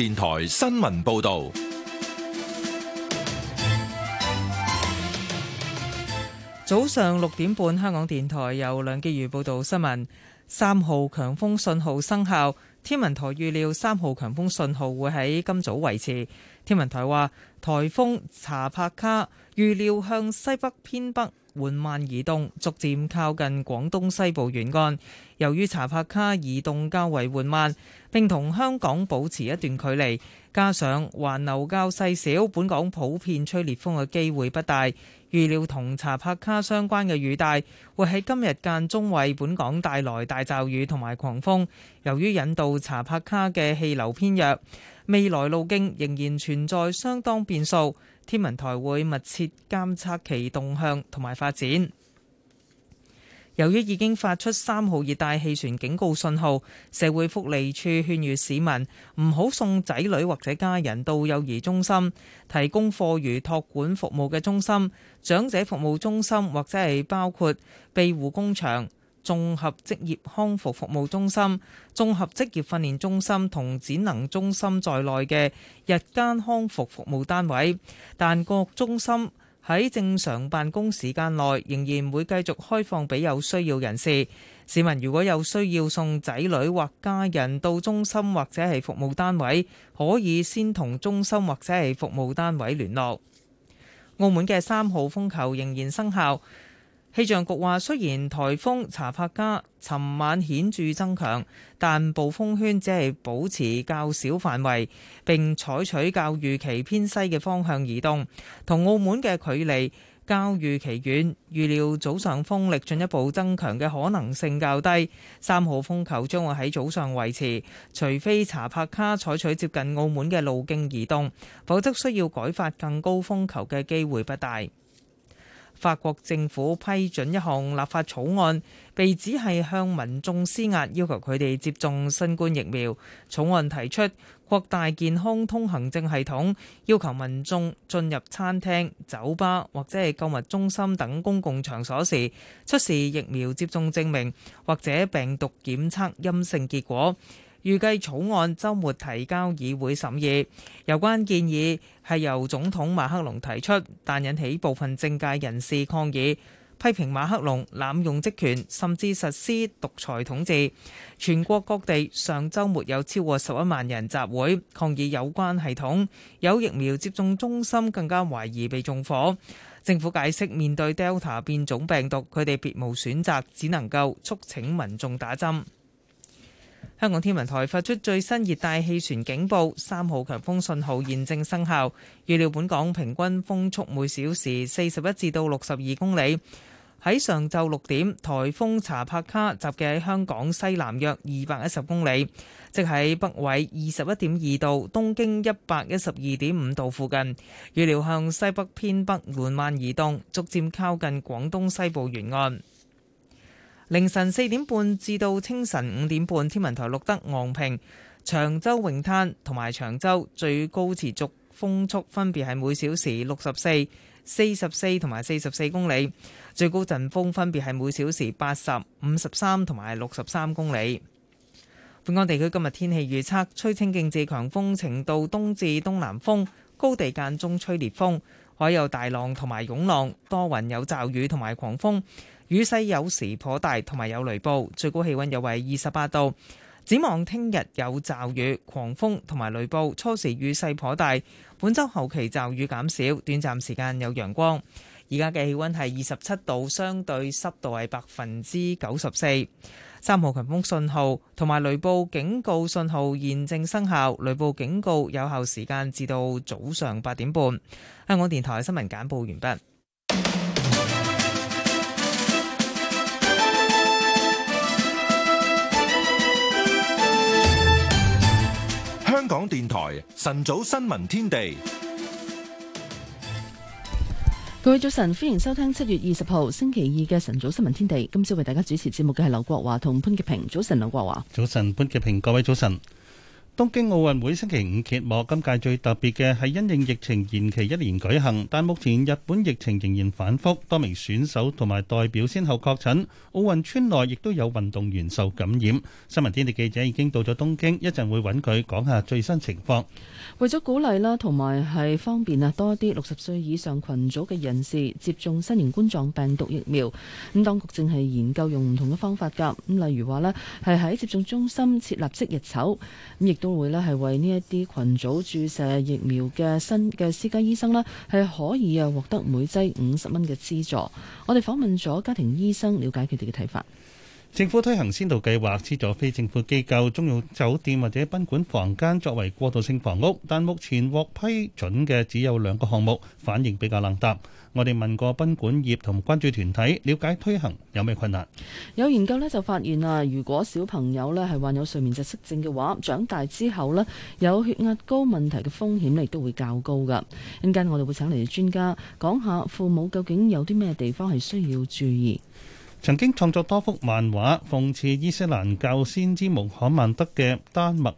電台新聞報道，早上六點半，香港電台由梁潔如報道新聞。三號強風信號生效，天文台預料三號強風信號會喺今早維持。天文台話，台風查帕卡預料向西北偏北。緩慢移動，逐漸靠近廣東西部沿岸。由於查帕卡移動較為緩慢，並同香港保持一段距離，加上環流較細小，本港普遍吹烈風嘅機會不大。預料同查帕卡相關嘅雨帶會喺今日間中為本港帶來大驟雨同埋狂風。由於引導查帕卡嘅氣流偏弱，未來路徑仍然存在相當變數。天文台會密切監測其動向同埋發展。由於已經發出三號熱帶氣旋警告信號，社會福利處勸喻市民唔好送仔女或者家人到幼兒中心、提供課餘托管服務嘅中心、長者服務中心或者係包括庇護工場、綜合職業康復服務中心、綜合職業訓練中心同展能中心在內嘅日間康復服務單位，但各中心喺正常辦公時間內仍然會繼續開放俾有需要人士。市民如果有需要送仔女或家人到中心或者係服務單位，可以先同中心或者係服務單位聯絡。澳門嘅三號風球仍然生效。氣象局話，雖然颱風查帕卡尋晚顯著增強，但暴風圈只係保持較小範圍，並採取較預期偏西嘅方向移動，同澳門嘅距離較預期遠，預料早上風力進一步增強嘅可能性較低，三號風球將會喺早上維持，除非查帕卡採取接近澳門嘅路徑移動，否則需要改發更高風球嘅機會不大。法國政府批准一項立法草案，被指係向民眾施壓，要求佢哋接種新冠疫苗。草案提出擴大健康通行證系統，要求民眾進入餐廳、酒吧或者係購物中心等公共場所時，出示疫苗接種證明或者病毒檢測陰性結果。預計草案週末提交議會審議，有關建議係由總統馬克龍提出，但引起部分政界人士抗議，批評馬克龍濫用職權，甚至實施獨裁統治。全國各地上週末有超過十一萬人集會抗議有關系統，有疫苗接種中心更加懷疑被縱火。政府解釋，面對 Delta 變種病毒，佢哋別無選擇，只能夠促請民眾打針。香港天文台發出最新熱帶氣旋警報，三號強風信號現正生效。預料本港平均風速每小時四十一至到六十二公里。喺上晝六點，颱風查帕卡集結喺香港西南約二百一十公里，即喺北緯二十一點二度、東經一百一十二點五度附近。預料向西北偏北緩慢移動，逐漸靠近廣東西部沿岸。凌晨四點半至到清晨五點半，天文台錄得昂坪、長洲泳灘同埋長洲最高持續風速分別係每小時六十四、四十四同埋四十四公里，最高陣風分別係每小時八十、五十三同埋六十三公里。本港地區今日天，天氣預測：吹清勁至強風程度，東至東南風，高地間中吹烈風，海有大浪同埋湧浪，多雲有驟雨同埋狂風。雨勢有時頗大，同埋有雷暴，最高氣温又為二十八度。展望聽日有驟雨、狂風同埋雷暴，初時雨勢頗大。本週後期驟雨減少，短暫時間有陽光。而家嘅氣温係二十七度，相對濕度係百分之九十四。三號強風信號同埋雷暴警告信號現正生效，雷暴警告有效時間至到早上八點半。香港電台新聞簡報完畢。香港電台晨早新聞天地，各位早晨，歡迎收聽七月二十號星期二嘅晨早新聞天地。今次為大家主持節目嘅係劉國華同潘潔平。早晨，劉國華。早晨，潘潔平。各位早晨。東京奧運會星期五揭幕，今屆最特別嘅係因應疫情延期一年舉行，但目前日本疫情仍然反復，多名選手同埋代表先後確診，奧運村內亦都有運動員受感染。新聞天地記者已經到咗東京，一陣會揾佢講下最新情況。為咗鼓勵啦，同埋係方便啊，多啲六十歲以上群組嘅人士接種新型冠狀病毒疫苗。咁，當局正係研究用唔同嘅方法㗎咁，例如話呢，係喺接種中心設立即日籌咁，亦都會呢係為呢一啲群組注射疫苗嘅新嘅私家醫生呢，係可以啊獲得每劑五十蚊嘅資助。我哋訪問咗家庭醫生，了解佢哋嘅睇法。政府推行先導計劃，資助非政府機構、中用酒店或者賓館房間作為過渡性房屋，但目前獲批准嘅只有兩個項目，反應比較冷淡。我哋問過賓館業同關注團體，了解推行有咩困難。有研究呢就發現啊，如果小朋友呢係患有睡眠窒息症嘅話，長大之後呢，有血壓高問題嘅風險咧都會較高㗎。陣間我哋會請嚟專家講下父母究竟有啲咩地方係需要注意。曾經創作多幅漫畫諷刺伊斯蘭教先知穆罕默德嘅丹麥。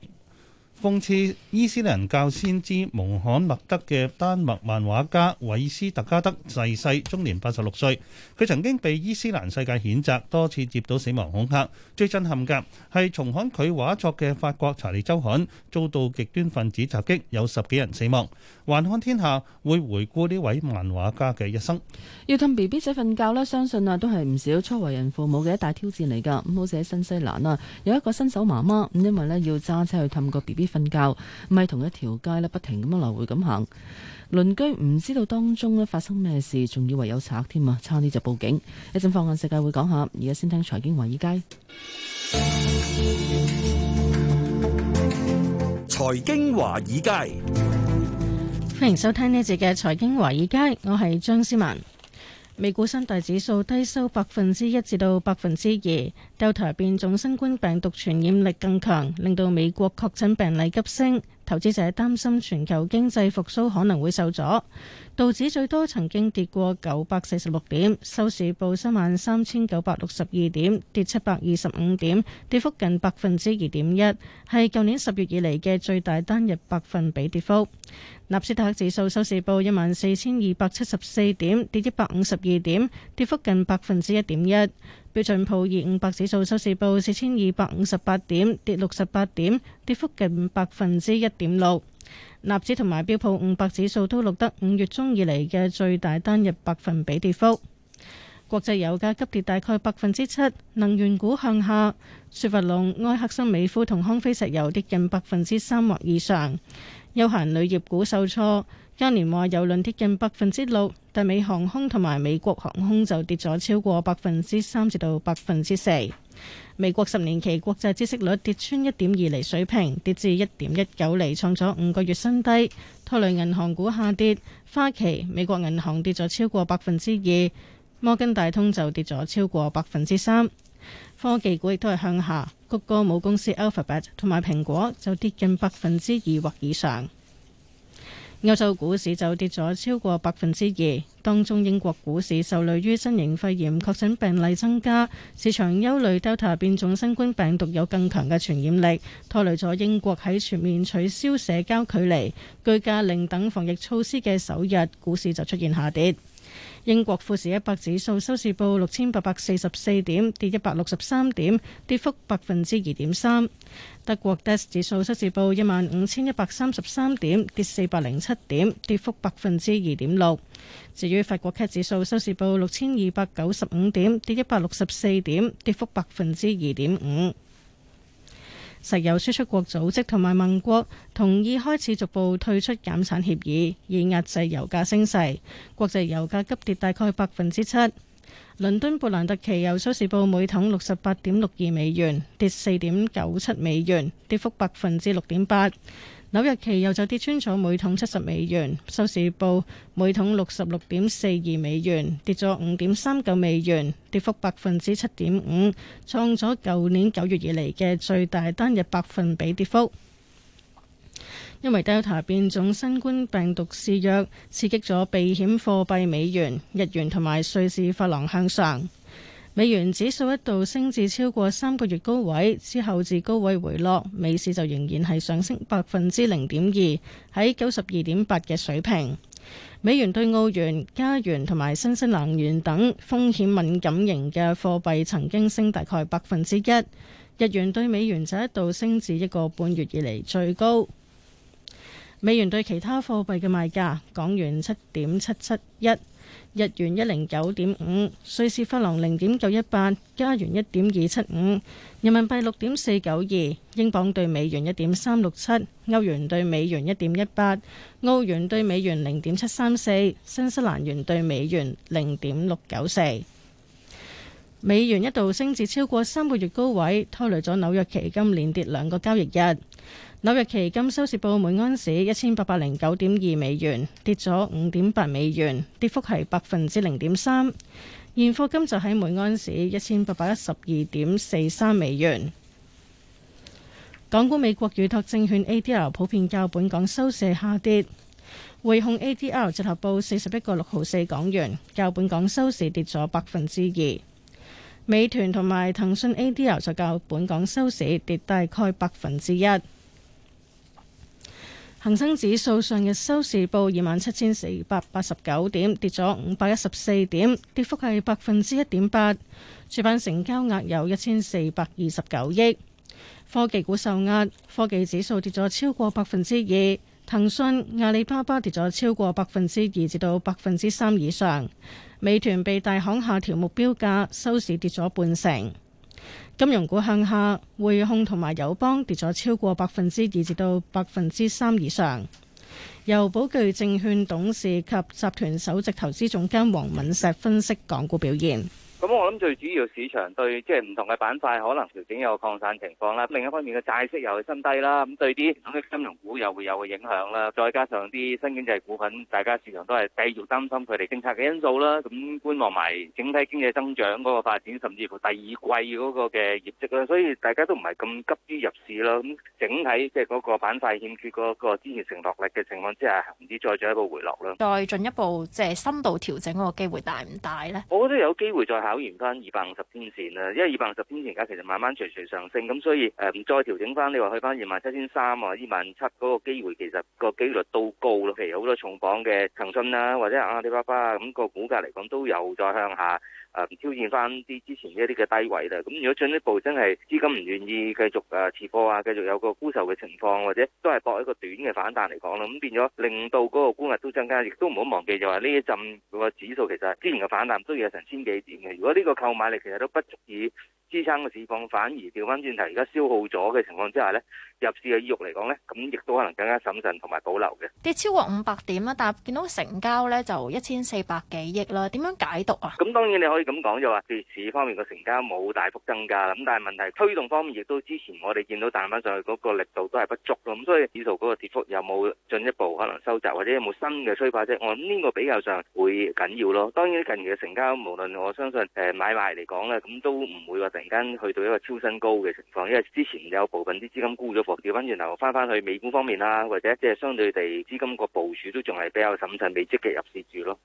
諷刺伊斯蘭教先知蒙罕默德嘅丹麥漫畫家韋斯特加德逝世，世，終年八十六歲。佢曾經被伊斯蘭世界譴責，多次接到死亡恐嚇。最震撼嘅係重刊佢畫作嘅法國查理周刊遭到極端分子襲擊，有十幾人死亡。還看天下會回顧呢位漫畫家嘅一生。要氹 B B 仔瞓覺咧，相信啊都係唔少初為人父母嘅一大挑戰嚟㗎。咁好似喺新西蘭啊有一個新手媽媽，咁因為呢要揸車去氹個 B B。瞓覺，唔係同一條街呢，不停咁樣來回咁行。鄰居唔知道當中呢，發生咩事，仲以為有賊添啊，差啲就報警。一陣放眼世界會講下，而家先聽財經華爾街。財經華爾街，歡迎收聽呢一節嘅財經華爾街，我係張思文。美股三大指數低收百分之一至到百分之二，Delta 變種新冠病毒傳染力更強，令到美國確診病例急升。投資者擔心全球經濟復甦可能會受阻，道指最多曾經跌過九百四十六點，收市報三萬三千九百六十二點，跌七百二十五點，跌幅近百分之二點一，係舊年十月以嚟嘅最大單日百分比跌幅。納斯達克指數收市報一萬四千二百七十四點，跌一百五十二點，跌幅近百分之一點一。標準普爾五百指數收市報四千二百五十八點，跌六十八點，跌幅近百分之一點六。納指同埋標普五百指數都錄得五月中以嚟嘅最大單日百分比跌幅。國際油價急跌，大概百分之七，能源股向下。雪佛龍、埃克森美孚同康菲石油跌近百分之三或以上。休閒旅業股受挫。嘉年華郵輪跌近百分之六，達美航空同埋美國航空就跌咗超過百分之三至到百分之四。美國十年期國債息率跌穿一點二厘水平，跌至一點一九厘，創咗五個月新低。拖累銀行股下跌，花旗、美國銀行跌咗超過百分之二，摩根大通就跌咗超過百分之三。科技股亦都係向下，谷歌母公司 Alphabet 同埋蘋果就跌近百分之二或以上。歐洲股市就跌咗超過百分之二，當中英國股市受累於新型肺炎確診病例增加，市場憂慮 Delta 變種新冠病毒有更強嘅傳染力，拖累咗英國喺全面取消社交距離、居家令等防疫措施嘅首日，股市就出現下跌。英國富時一百指數收市報六千八百四十四點，跌一百六十三點，跌幅百分之二點三。德國 DAX 指數收市報一萬五千一百三十三點，跌四百零七點，跌幅百分之二點六。至於法國 CAC 指數收市報六千二百九十五點，跌一百六十四點，跌幅百分之二點五。石油輸出國組織同埋盟國同意開始逐步退出減產協議，以壓制油價升勢。國際油價急跌大概百分之七。倫敦布蘭特期油收市報每桶六十八點六二美元，跌四點九七美元，跌幅百分之六點八。紐約期油就跌穿咗每桶七十美元，收市報每桶六十六點四二美元，跌咗五點三九美元，跌幅百分之七點五，創咗舊年九月以嚟嘅最大單日百分比跌幅。因為 Delta 變種新冠病毒肆虐刺激咗避險貨幣美元、日元同埋瑞士法郎向上。美元指數一度升至超過三個月高位，之後自高位回落，美市就仍然係上升百分之零點二，喺九十二點八嘅水平。美元對澳元、加元同埋新西蘭元等風險敏感型嘅貨幣曾經升大概百分之一。日元對美元就一度升至一個半月以嚟最高。美元對其他貨幣嘅賣價，港元七點七七一。日元一零九點五，瑞士法郎零點九一八，加元一點二七五，人民幣六點四九二，英鎊兌美元一點三六七，歐元兌美元一點一八，澳元兌美元零點七三四，新西蘭元兌美元零點六九四。美元一度升至超過三個月高位，拖累咗紐約期金連跌兩個交易日。紐約期金收市報每盎司一千八百零九點二美元，跌咗五點八美元，跌幅係百分之零點三。現貨金就喺每盎司一千八百一十二點四三美元。港股美國預託證券 A D L 普遍較本港收市下跌，匯控 A D L 集合報四十一個六毫四港元，較本港收市跌咗百分之二。美團同埋騰訊 A D L 就較本港收市跌大概百分之一。恒生指數上日收市報二萬七千四百八十九點，跌咗五百一十四點，跌幅係百分之一點八。主板成交額有一千四百二十九億。科技股受壓，科技指數跌咗超過百分之二，騰訊、阿里巴巴跌咗超過百分之二至到百分之三以上。美團被大行下調目標價，收市跌咗半成。金融股向下，匯控同埋友邦跌咗超過百分之二至到百分之三以上。由寶具證券董事及集團首席投資總監黃敏石分析港股表現。咁我諗最主要市場對，即係唔同嘅板塊可能調整有擴散情況啦。另一方面嘅債息又會新低啦，咁對啲啲金融股又會有個影響啦。再加上啲新經濟股份，大家市場都係繼續擔心佢哋政策嘅因素啦。咁觀望埋整體經濟增長嗰個發展，甚至乎第二季嗰個嘅業績啦。所以大家都唔係咁急於入市咯。咁整體即係嗰個板塊欠缺個個支持承諾力嘅情況之下，唔知再進一步回落咯。再進一步即係深度調整嗰個機會大唔大咧？我覺得有機會再考完翻二百五十天線啦，因為二百五十天線而家其實慢慢徐徐上升，咁所以誒、嗯，再調整翻，你話去翻二萬七千三啊，二萬七嗰個機會，其實個幾率，率都高咯。譬如好多重磅嘅騰訊啊，或者阿里巴巴啊，咁、嗰個股價嚟講，都有再向下。啊！挑戰翻啲之前一啲嘅低位啦，咁如果進一步真係資金唔願意繼續啊持貨啊，繼續有個沽售嘅情況，或者都係搏一個短嘅反彈嚟講啦，咁變咗令到嗰個沽壓都增加，亦都唔好忘記就話呢一陣個指數其實之前嘅反彈都有成千幾點嘅，如果呢個購買力其實都不足以。支撐嘅市況，反而調翻轉頭，而家消耗咗嘅情況之下咧，入市嘅意欲嚟講咧，咁亦都可能更加審慎同埋保留嘅。跌超過五百點啊，但係見到成交咧就一千四百幾億啦，點樣解讀啊？咁當然你可以咁講就話，跌市方面個成交冇大幅增加，咁但係問題推動方面亦都之前我哋見到彈翻上去嗰個力度都係不足咯，咁所以指數嗰個跌幅有冇進一步可能收窄，或者有冇新嘅催化啫？我諗呢個比較上會緊要咯。當然近年嘅成交，無論我相信誒買賣嚟講咧，咁都唔會話成突然間去到一個超新高嘅情況，因為之前有部分啲資金沽咗貨，掉翻轉頭翻翻去美股方面啦，或者即係相對地資金個部署都仲係比較審慎，未積極入市住咯。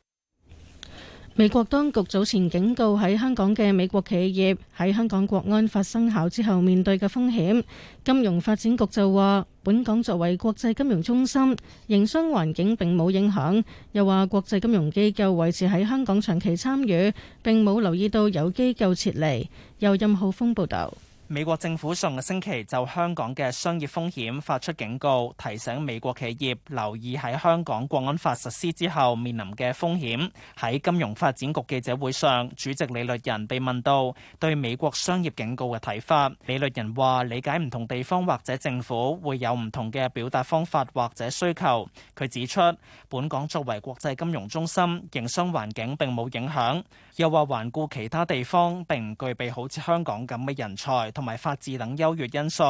美國當局早前警告喺香港嘅美國企業喺香港國安法生效之後面對嘅風險。金融發展局就話，本港作為國際金融中心，營商環境並冇影響。又話國際金融機構維持喺香港長期參與，並冇留意到有機構撤離。由任浩峰報道。美國政府上個星期就香港嘅商業風險發出警告，提醒美國企業留意喺香港國安法實施之後面臨嘅風險。喺金融發展局記者會上，主席李律仁被問到對美國商業警告嘅睇法。李律仁話理解唔同地方或者政府會有唔同嘅表達方法或者需求。佢指出，本港作為國際金融中心，營商環境並冇影響。又話環顧其他地方並唔具備好似香港咁嘅人才同埋法治等優越因素，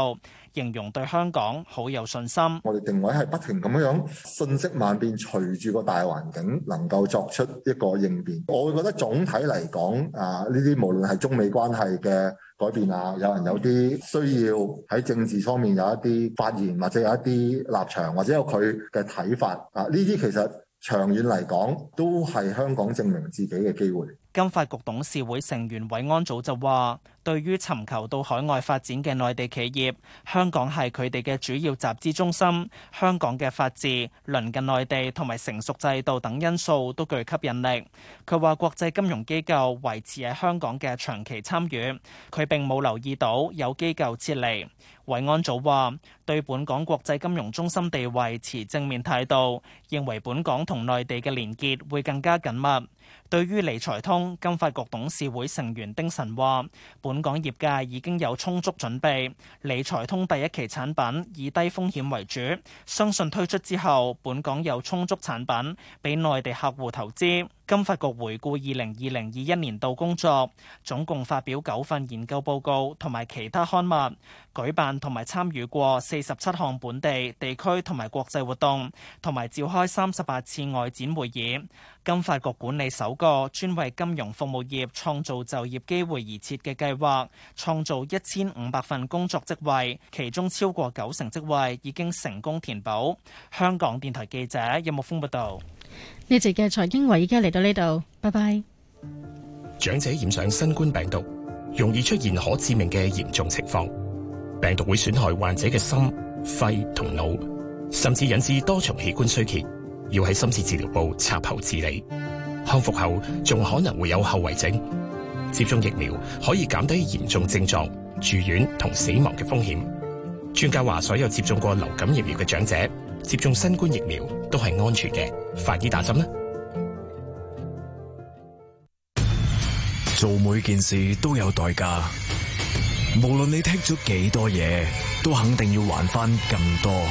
形容對香港好有信心。我哋定位係不停咁樣信息萬變，隨住個大環境能夠作出一個應變。我會覺得總體嚟講啊，呢啲無論係中美關係嘅改變啊，有人有啲需要喺政治方面有一啲發言，或者有一啲立場，或者有佢嘅睇法啊，呢啲其實長遠嚟講都係香港證明自己嘅機會。金發局董事會成員韋安祖就話，對於尋求到海外發展嘅內地企業，香港係佢哋嘅主要集資中心。香港嘅法治、鄰近內地同埋成熟制度等因素都具吸引力。佢話國際金融機構維持喺香港嘅長期參與，佢並冇留意到有機構撤離。韋安祖話，對本港國際金融中心地位持正面態度，認為本港同內地嘅連結會更加緊密。對於理財通，金發局董事會成員丁晨話：本港業界已經有充足準備，理財通第一期產品以低風險為主，相信推出之後，本港有充足產品俾內地客戶投資。金發局回顧二零二零二一年度工作，總共發表九份研究報告同埋其他刊物，舉辦同埋參與過四十七項本地、地區同埋國際活動，同埋召開三十八次外展會議。金發局管理首個專為金融服務業創造就業機會而設嘅計劃，創造一千五百份工作職位，其中超過九成職位已經成功填補。香港電台記者任木峰報道。有呢集嘅財經圍而家嚟到呢度，拜拜。長者染上新冠病毒，容易出現可致命嘅嚴重情況，病毒會損害患者嘅心、肺同腦，甚至引致多重器官衰竭，要喺深切治療部插喉治理。康復後仲可能會有後遺症。接種疫苗可以減低嚴重症狀、住院同死亡嘅風險。專家話，所有接種過流感疫苗嘅長者。接種新冠疫苗都係安全嘅，快啲打針啦。做每件事都有代價，無論你剔咗幾多嘢，都肯定要還翻咁多。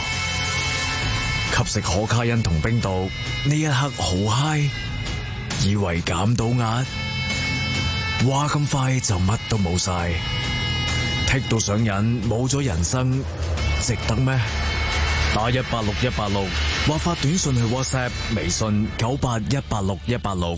吸食可卡因同冰毒，呢一刻好嗨，以為減到壓，哇咁快就乜都冇晒，剔到上癮，冇咗人生，值得咩？打一八六一八六或發短信去 WhatsApp、微信九八一八六一八六。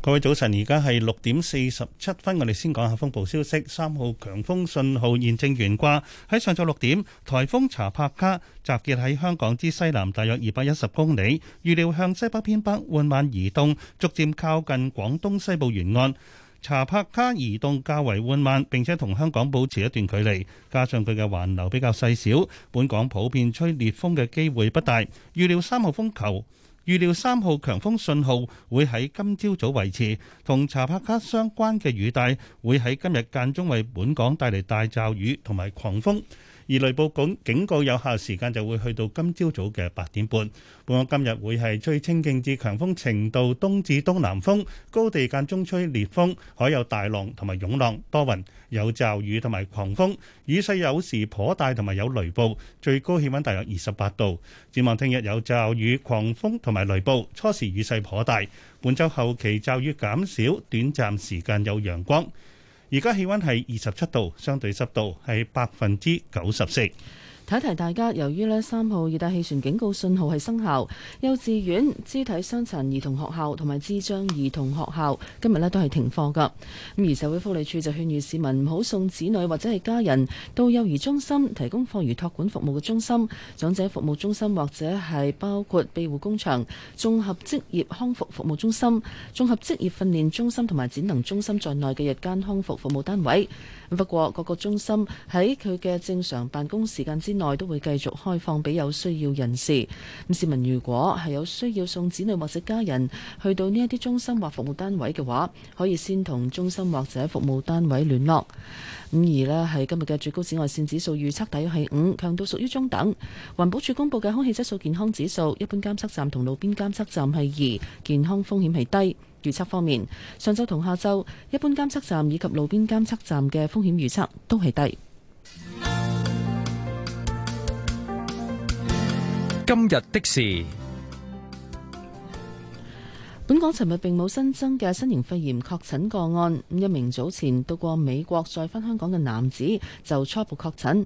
各位早晨，而家係六點四十七分，我哋先講下風暴消息。三號強風信號現正懸掛。喺上晝六點，台風查帕卡集結喺香港之西南，大約二百一十公里，預料向西北偏北緩慢移動，逐漸靠近廣東西部沿岸。查帕卡移動較為緩慢，並且同香港保持一段距離，加上佢嘅環流比較細小，本港普遍吹烈風嘅機會不大。預料三號風球，預料三號強風信號會喺今朝早維持，同查帕卡相關嘅雨帶會喺今日間中為本港帶嚟大驟雨同埋狂風。而雷暴警警告有效時間就會去到今朝早嘅八點半。本港今日會係吹清勁至強風程度東至東南風，高地間中吹烈風，海有大浪同埋湧浪，多雲，有驟雨同埋狂風，雨勢有時頗大，同埋有雷暴，最高氣溫大約二十八度。展望聽日有驟雨、狂風同埋雷暴，初時雨勢頗大，本周後期驟雨減少，短暫時間有陽光。而家氣溫係二十七度，相對濕度係百分之九十四。提提大家，由於咧三號熱帶氣旋警告信號係生效，幼稚園、肢體傷殘兒童學校同埋智障兒童學校今日咧都係停課㗎。咁而社會福利署就勸喻市民唔好送子女或者係家人到幼兒中心、提供課餘託管服務嘅中心、長者服務中心或者係包括庇護工場、綜合職業康復服務中心、綜合職業訓練中心同埋展能中心在內嘅日間康復服務單位。不過各個中心喺佢嘅正常辦公時間之內都會繼續開放俾有需要人士。咁市民如果係有需要送子女或者家人去到呢一啲中心或服務單位嘅話，可以先同中心或者服務單位聯絡。咁而呢，係今日嘅最高紫外線指數預測大約係五，強度屬於中等。環保署公布嘅空氣質素健康指數，一般監測站同路邊監測站係二，健康風險係低。預測方面，上晝同下晝，一般監測站以及路邊監測站嘅風險預測都係低。今日的事，本港尋日並冇新增嘅新型肺炎確診個案。一名早前到過美國再翻香港嘅男子就初步確診。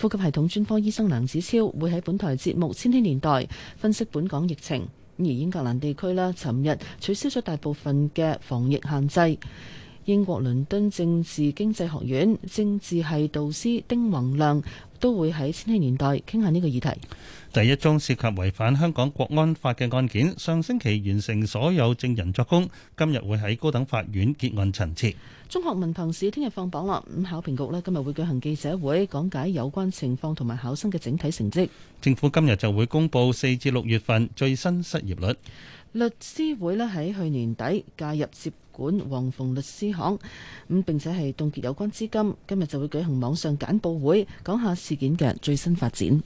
呼吸系統專科醫,醫生梁子超會喺本台節目《千禧年代》分析本港疫情。而英格蘭地區呢，尋日取消咗大部分嘅防疫限制。英國倫敦政治經濟學院政治系導師丁宏亮都會喺千禧年代傾下呢個議題。第一宗涉及違反香港國安法嘅案件，上星期完成所有證人作供，今日會喺高等法院結案陳詞。中學文憑試聽日放榜啦，咁考評局呢今日會舉行記者會，講解有關情況同埋考生嘅整體成績。政府今日就會公布四至六月份最新失業率。律師會呢喺去年底介入涉。管黃鳳律師行咁，並且係凍結有關資金。今日就會舉行網上簡報會，講下事件嘅最新發展。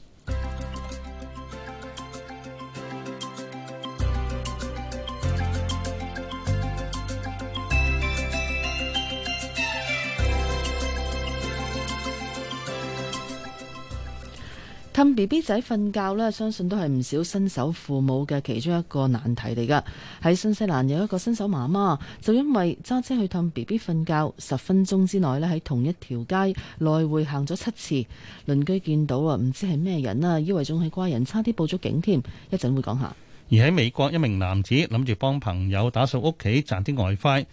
氹 B B 仔瞓覺呢，相信都係唔少新手父母嘅其中一個難題嚟㗎。喺新西蘭有一個新手媽媽，就因為揸車去氹 B B 瞓覺，十分鐘之內呢，喺同一條街來回行咗七次，鄰居見到啊，唔知係咩人啊，以為仲係怪人，差啲報咗警添。會會一陣會講下。而喺美國，一名男子諗住幫朋友打掃屋企賺啲外快，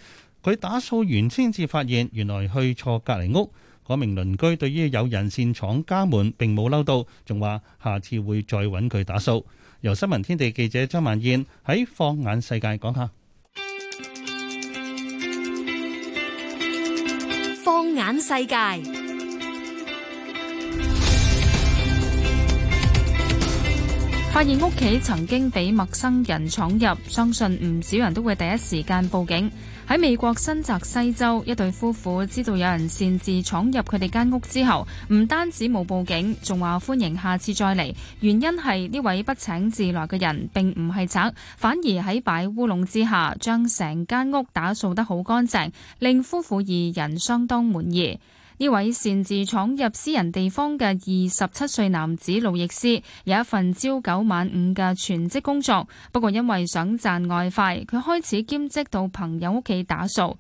佢打掃完先至發現，原來去錯隔離屋。嗰名鄰居對於有人擅闖家門並冇嬲到，仲話下次會再揾佢打掃。由新聞天地記者張曼燕喺《放眼世界》講下《放眼世界》，發現屋企曾經俾陌生人闖入，相信唔少人都會第一時間報警。喺美國新澤西州，一對夫婦知道有人擅自闖入佢哋間屋之後，唔單止冇報警，仲話歡迎下次再嚟。原因係呢位不請自來嘅人並唔係賊，反而喺擺烏龍之下，將成間屋打掃得好乾淨，令夫婦二人相當滿意。呢位擅自闖入私人地方嘅二十七歲男子路易斯有一份朝九晚五嘅全職工作，不過因為想賺外快，佢開始兼職到朋友屋企打掃。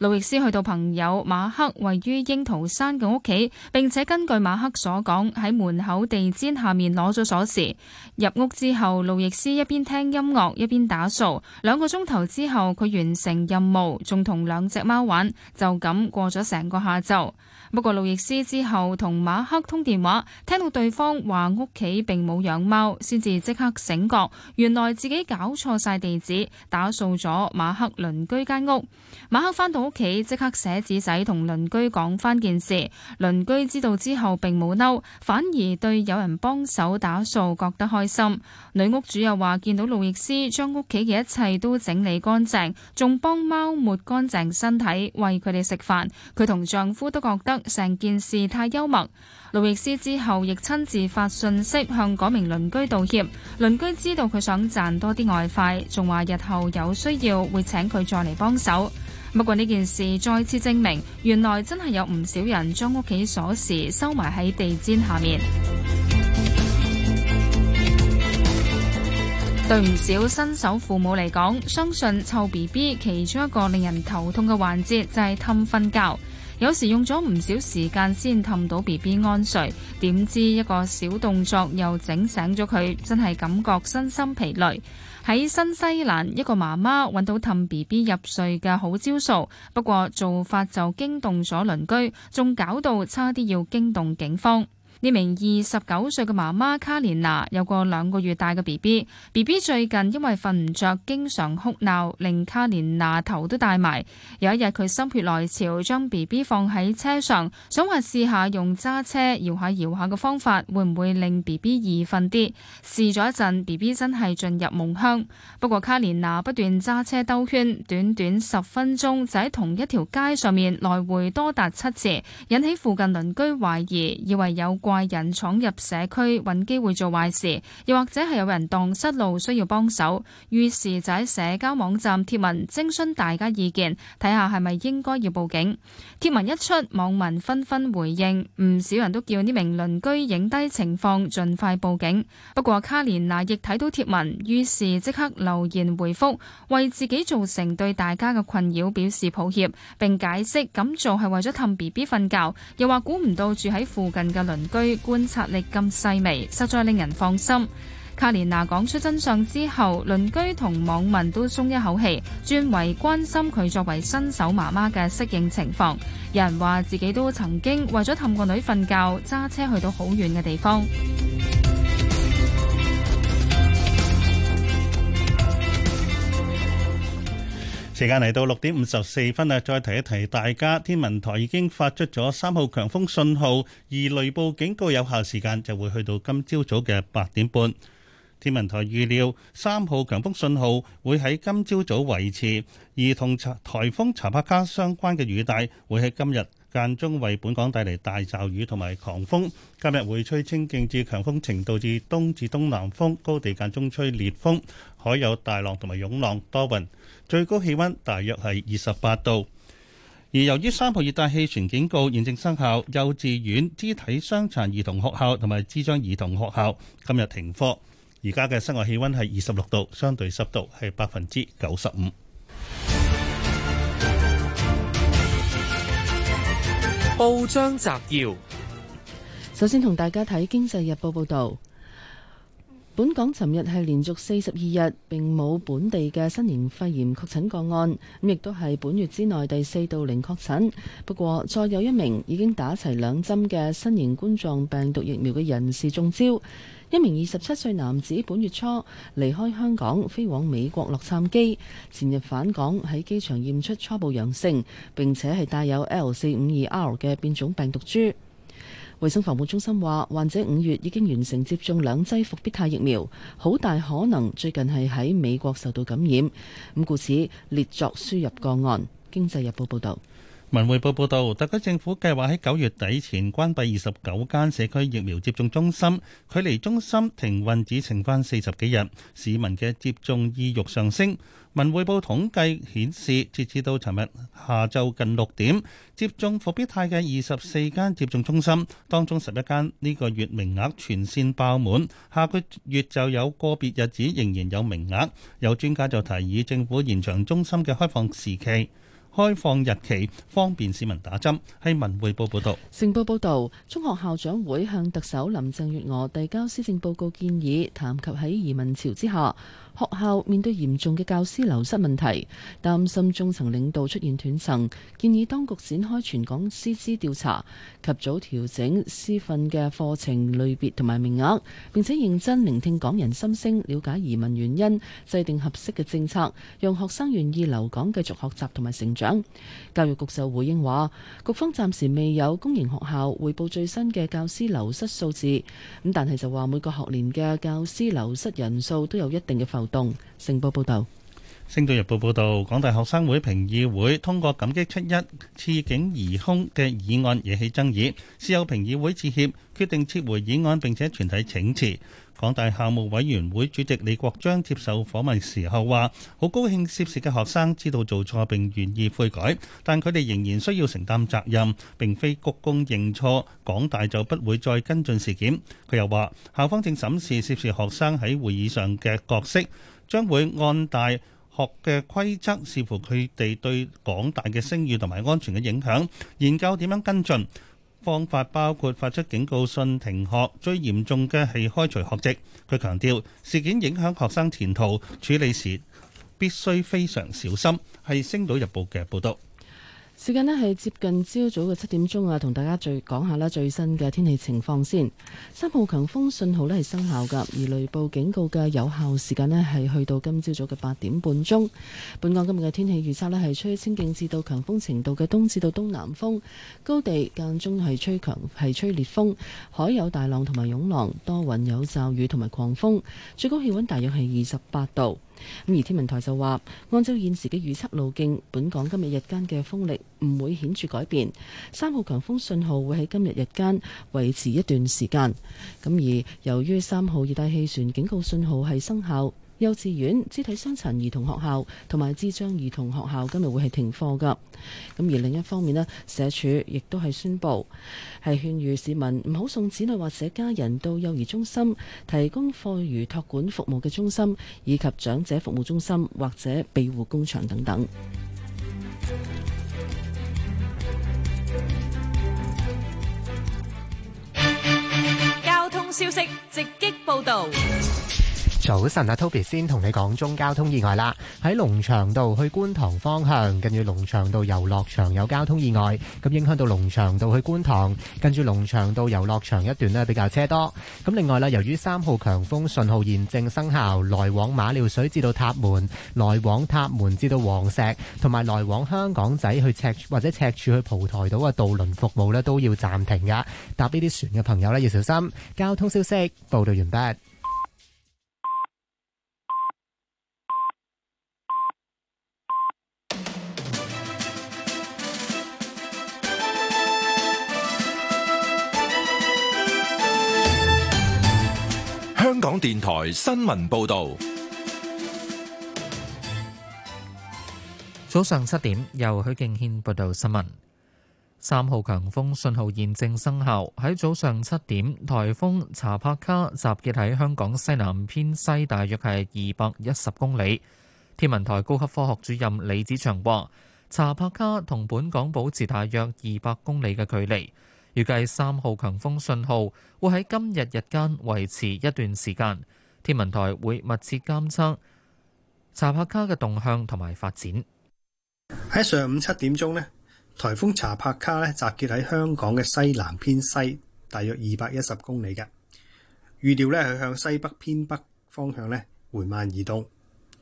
路易斯去到朋友馬克位於櫻桃山嘅屋企，並且根據馬克所講，喺門口地氈下面攞咗鎖匙。入屋之後，路易斯一邊聽音樂一邊打掃。兩個鐘頭之後，佢完成任務，仲同兩隻貓玩，就咁過咗成個下晝。不過路易斯之後同馬克通電話，聽到對方話屋企並冇養貓，先至即刻醒覺，原來自己搞錯晒地址，打掃咗馬克鄰居間屋。馬克返到屋企，即刻寫紙仔同鄰居講返件事，鄰居知道之後並冇嬲，反而對有人幫手打掃覺得開心。女屋主又話見到路易斯將屋企嘅一切都整理乾淨，仲幫貓抹乾淨身體，餵佢哋食飯，佢同丈夫都覺得。成件事太幽默，路易斯之後亦親自發信息向嗰名鄰居道歉。鄰居知道佢想賺多啲外快，仲話日後有需要會請佢再嚟幫手。不過呢件事再次證明，原來真係有唔少人將屋企鎖匙收埋喺地氈下面。對唔少新手父母嚟講，相信湊 B B 其中一個令人頭痛嘅環節就係氹瞓覺。有時用咗唔少時間先氹到 BB 安睡，點知一個小動作又整醒咗佢，真係感覺身心疲累。喺新西蘭，一個媽媽揾到氹 BB 入睡嘅好招數，不過做法就驚動咗鄰居，仲搞到差啲要驚動警方。呢名二十九歲嘅媽媽卡蓮娜有個兩個月大嘅 B B，B B 最近因為瞓唔着，經常哭鬧，令卡蓮娜頭都大埋。有一日佢心血來潮，將 B B 放喺車上，想話試下用揸車搖下搖下嘅方法，會唔會令 B B 易瞓啲？試咗一陣，B B 真係進入夢鄉。不過卡蓮娜不斷揸車兜圈，短短十分鐘就喺同一條街上面來回多達七次，引起附近鄰居懷疑，以為有過外人闖入社區揾機會做壞事，又或者係有人蕩失路需要幫手，於是就喺社交網站貼文徵詢大家意見，睇下係咪應該要報警。貼文一出，網民紛紛回應，唔少人都叫呢名鄰居影低情況盡快報警。不過卡蓮娜亦睇到貼文，於是即刻留言回覆，為自己造成對大家嘅困擾表示抱歉，並解釋咁做係為咗氹 B B 瞓覺，又話估唔到住喺附近嘅鄰居對觀察力咁細微，實在令人放心。卡蓮娜講出真相之後，鄰居同網民都鬆一口氣，轉為關心佢作為新手媽媽嘅適應情況。有人話自己都曾經為咗氹個女瞓覺，揸車去到好遠嘅地方。時間嚟到六點五十四分啦，再提一提大家，天文台已經發出咗三號強風信號，而雷暴警告有效時間就會去到今朝早嘅八點半。天文台預料三號強風信號會喺今朝早，早維持，而同颱風查帕卡相關嘅雨帶會喺今日間中為本港帶嚟大驟雨同埋狂風。今日會吹清勁至強風程度至東至東南風，高地間中吹烈風，海有大浪同埋湧浪，多雲。最高氣溫大約係二十八度，而由於三號熱帶氣旋警告現正生效，幼稚園、肢體傷殘兒童學校同埋智障兒童學校今日停課。而家嘅室外氣溫係二十六度，相對濕度係百分之九十五。報章摘要：首先同大家睇《經濟日報》報道。本港尋日係連續四十二日並冇本地嘅新型肺炎確診個案，咁亦都係本月之內第四度零確診。不過，再有一名已經打齊兩針嘅新型冠狀病毒疫苗嘅人士中招。一名二十七歲男子本月初離開香港飛往美國洛杉磯，前日返港喺機場驗出初步陽性，並且係帶有 L452R 嘅變種病毒株。衛生防護中心話，患者五月已經完成接種兩劑復必泰疫苗，好大可能最近係喺美國受到感染，咁故此列作輸入個案。經濟日報報道，文匯報報道，特區政府計劃喺九月底前關閉二十九間社區疫苗接種中心，距離中心停運只剩翻四十幾日，市民嘅接種意欲上升。文匯報統計顯示，截至到尋日下晝近六點，接種復必泰嘅二十四間接種中心，當中十一間呢個月名額全線爆滿，下個月就有個別日子仍然有名額。有專家就提議政府延長中心嘅開放時期，開放日期，方便市民打針。喺《文匯報》報道。成報報道，中學校長會向特首林鄭月娥遞交施政報告建議，談及喺移民潮之下，學校面對嚴重嘅教師流失問題，擔心中層領導出現斷層，建議當局展開全港師資調查，及早調整師訓嘅課程類別同埋名額，並且認真聆聽港人心聲，了解移民原因，制定合適嘅政策，讓學生願意留港繼續學習同埋成長。教育局就回應話，局方暫時未有公營學校匯報最新嘅教師流失數字，咁但係就話每個學年嘅教師流失人數都有一定嘅浮。勞動成報報道，星島日報報道，港大學生會評議會通過感激七一刺警疑兇嘅議案惹起爭議，事後評議會致歉，決定撤回議案，並且全體請辭。港大校務委員會主席李國章接受訪問時候話：「好高興涉事嘅學生知道做錯並願意悔改，但佢哋仍然需要承擔責任，並非鞠躬認錯，港大就不會再跟進事件。」佢又話，校方正審視涉事學生喺會議上嘅角色，將會按大學嘅規則，視乎佢哋對港大嘅聲譽同埋安全嘅影響，研究點樣跟進。方法包括發出警告信、停學，最嚴重嘅係開除學籍。佢強調事件影響學生前途，處理時必須非常小心。係星島日報嘅報道。時間呢係接近朝早嘅七點鐘啊，同大家再講下啦最新嘅天氣情況先。三號強風信號呢係生效噶，而雷暴警告嘅有效時間呢係去到今朝早嘅八點半鐘。本港今日嘅天氣預測呢係吹清勁至到強風程度嘅東至到東南風，高地間中係吹強係吹烈風，海有大浪同埋湧浪，多雲有驟雨同埋狂風，最高氣溫大約係二十八度。咁而天文台就話，按照現時嘅預測路徑，本港今日日間嘅風力唔會顯著改變，三號強風信號會喺今日日間維持一段時間。咁而由於三號熱帶氣旋警告信號係生效。幼稚園、肢體傷殘兒童學校同埋智障兒童學校今日會係停課㗎。咁而另一方面咧，社署，亦都係宣布，係勸喻市民唔好送子女或者家人到幼兒中心、提供課餘托管服務嘅中心，以及長者服務中心或者庇護工場等等。交通消息直擊報道。早晨，阿、啊、Toby 先同你講中交通意外啦。喺龍翔道去觀塘方向，跟住龍翔道遊樂場有交通意外。咁影響到龍翔道去觀塘，跟住龍翔道遊樂場一段呢比較車多。咁另外啦，由於三號強風信號現正生效，來往馬料水至到塔門，來往塔門至到黃石，同埋來往香港仔去赤或者赤柱去蒲台島嘅渡輪服務呢都要暫停噶。搭呢啲船嘅朋友呢要小心。交通消息報道完畢。香港電台新聞報道，早上七點由許敬軒報道新聞。三號強風信號現正生效，喺早上七點，颱風查帕卡集結喺香港西南偏西，大約係二百一十公里。天文台高級科學主任李子祥話，查帕卡同本港保持大約二百公里嘅距離。預計三號強風信號會喺今日日間維持一段時間，天文台會密切監測查帕卡嘅動向同埋發展。喺上午七點鐘呢，颱風查帕卡呢，集結喺香港嘅西南偏西，大約二百一十公里嘅，預料呢，佢向西北偏北方向呢，緩慢移動，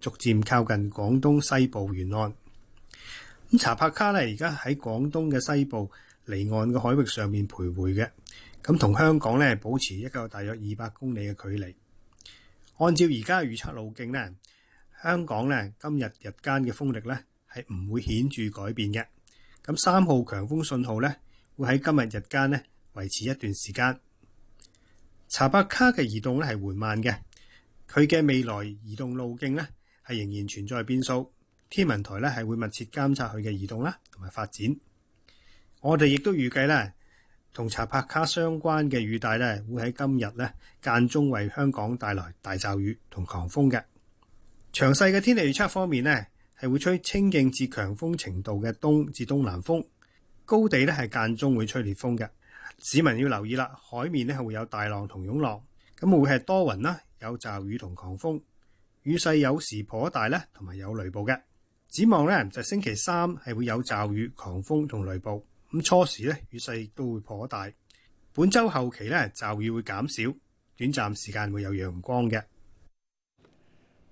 逐漸靠近廣東西部沿岸。咁查帕卡呢，而家喺廣東嘅西部，離岸嘅海域上面徘徊嘅，咁同香港呢保持一個大約二百公里嘅距離。按照而家嘅預測路徑呢，香港呢今日日間嘅風力呢係唔會顯著改變嘅。咁三號強風信號呢會喺今日日間呢維持一段時間。查帕卡嘅移動呢係緩慢嘅，佢嘅未來移動路徑呢係仍然存在變數。天文台呢係會密切監察佢嘅移動啦同埋發展。我哋亦都預計咧，同查柏卡相關嘅雨帶咧，會喺今日咧間中為香港帶來大驟雨同狂風嘅。詳細嘅天氣預測方面呢，係會吹清勁至強風程度嘅東至東南風，高地咧係間中會吹烈風嘅。市民要留意啦，海面咧係會有大浪同湧浪。咁會係多雲啦，有驟雨同狂風，雨勢有時頗大咧，同埋有雷暴嘅。展望咧就係星期三係會有驟雨、狂風同雷暴。咁初時咧雨勢都會頗大，本週後期咧驟雨會減少，短暫時間會有陽光嘅。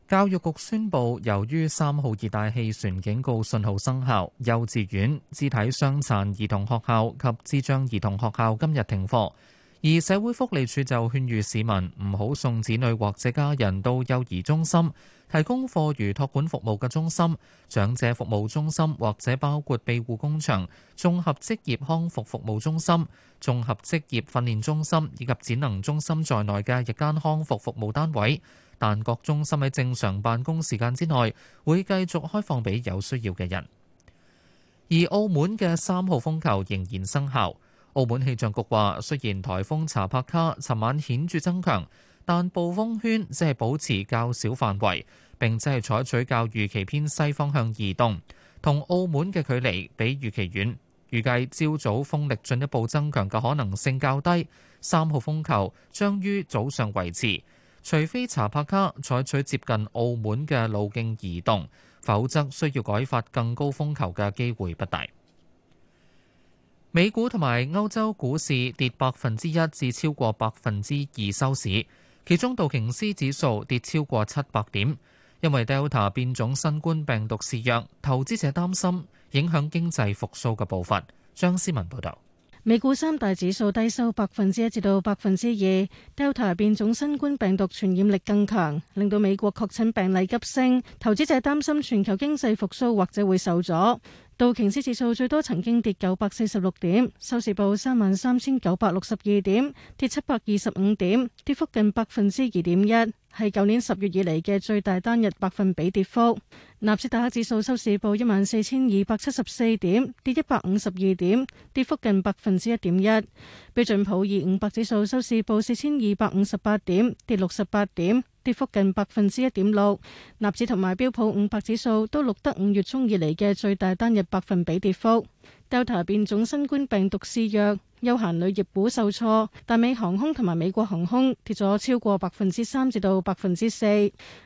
教育局宣布，由於三號熱帶氣旋警告信號生效，幼稚園、肢體傷殘兒童學校及智障兒童學校今日停課。而社會福利署就勸喻市民唔好送子女或者家人到幼兒中心、提供課餘託管服務嘅中心、長者服務中心或者包括庇護工場、綜合職業康復服，服務中心、綜合職業訓練中心以及展能中心在內嘅日間康復服，服務單位，但各中心喺正常辦公時間之內會繼續開放俾有需要嘅人。而澳門嘅三號風球仍然生效。澳門氣象局話，雖然颱風查帕卡尋晚顯著增強，但暴風圈只係保持較小範圍，並且係採取較預期偏西方向移動，同澳門嘅距離比預期遠。預計朝早風力進一步增強嘅可能性較低，三號風球將於早上維持，除非查帕卡採取接近澳門嘅路徑移動，否則需要改發更高風球嘅機會不大。美股同埋歐洲股市跌百分之一至超過百分之二收市，其中道瓊斯指數跌超過七百點，因為 Del 變 Delta 變種新冠病毒肆虐，投資者擔心影響經濟復甦嘅步伐。張思文報導，美股三大指數低收百分之一至到百分之二，Delta 變種新冠病毒傳染力更強，令到美國確診病例急升，投資者擔心全球經濟復甦或者會受阻。道瓊斯指數最多曾經跌九百四十六點，收市報三萬三千九百六十二點，跌七百二十五點，跌幅近百分之二點一，係舊年十月以嚟嘅最大單日百分比跌幅。納斯達克指數收市報一萬四千二百七十四點，跌一百五十二點，跌幅近百分之一點一。標準普爾五百指數收市報四千二百五十八點，跌六十八點。跌幅近百分之一點六，納指同埋標普五百指數都錄得五月中以嚟嘅最大單日百分比跌幅。Delta 變種新冠病毒肆虐，休閒旅業股受挫，達美航空同埋美國航空跌咗超過百分之三至到百分之四。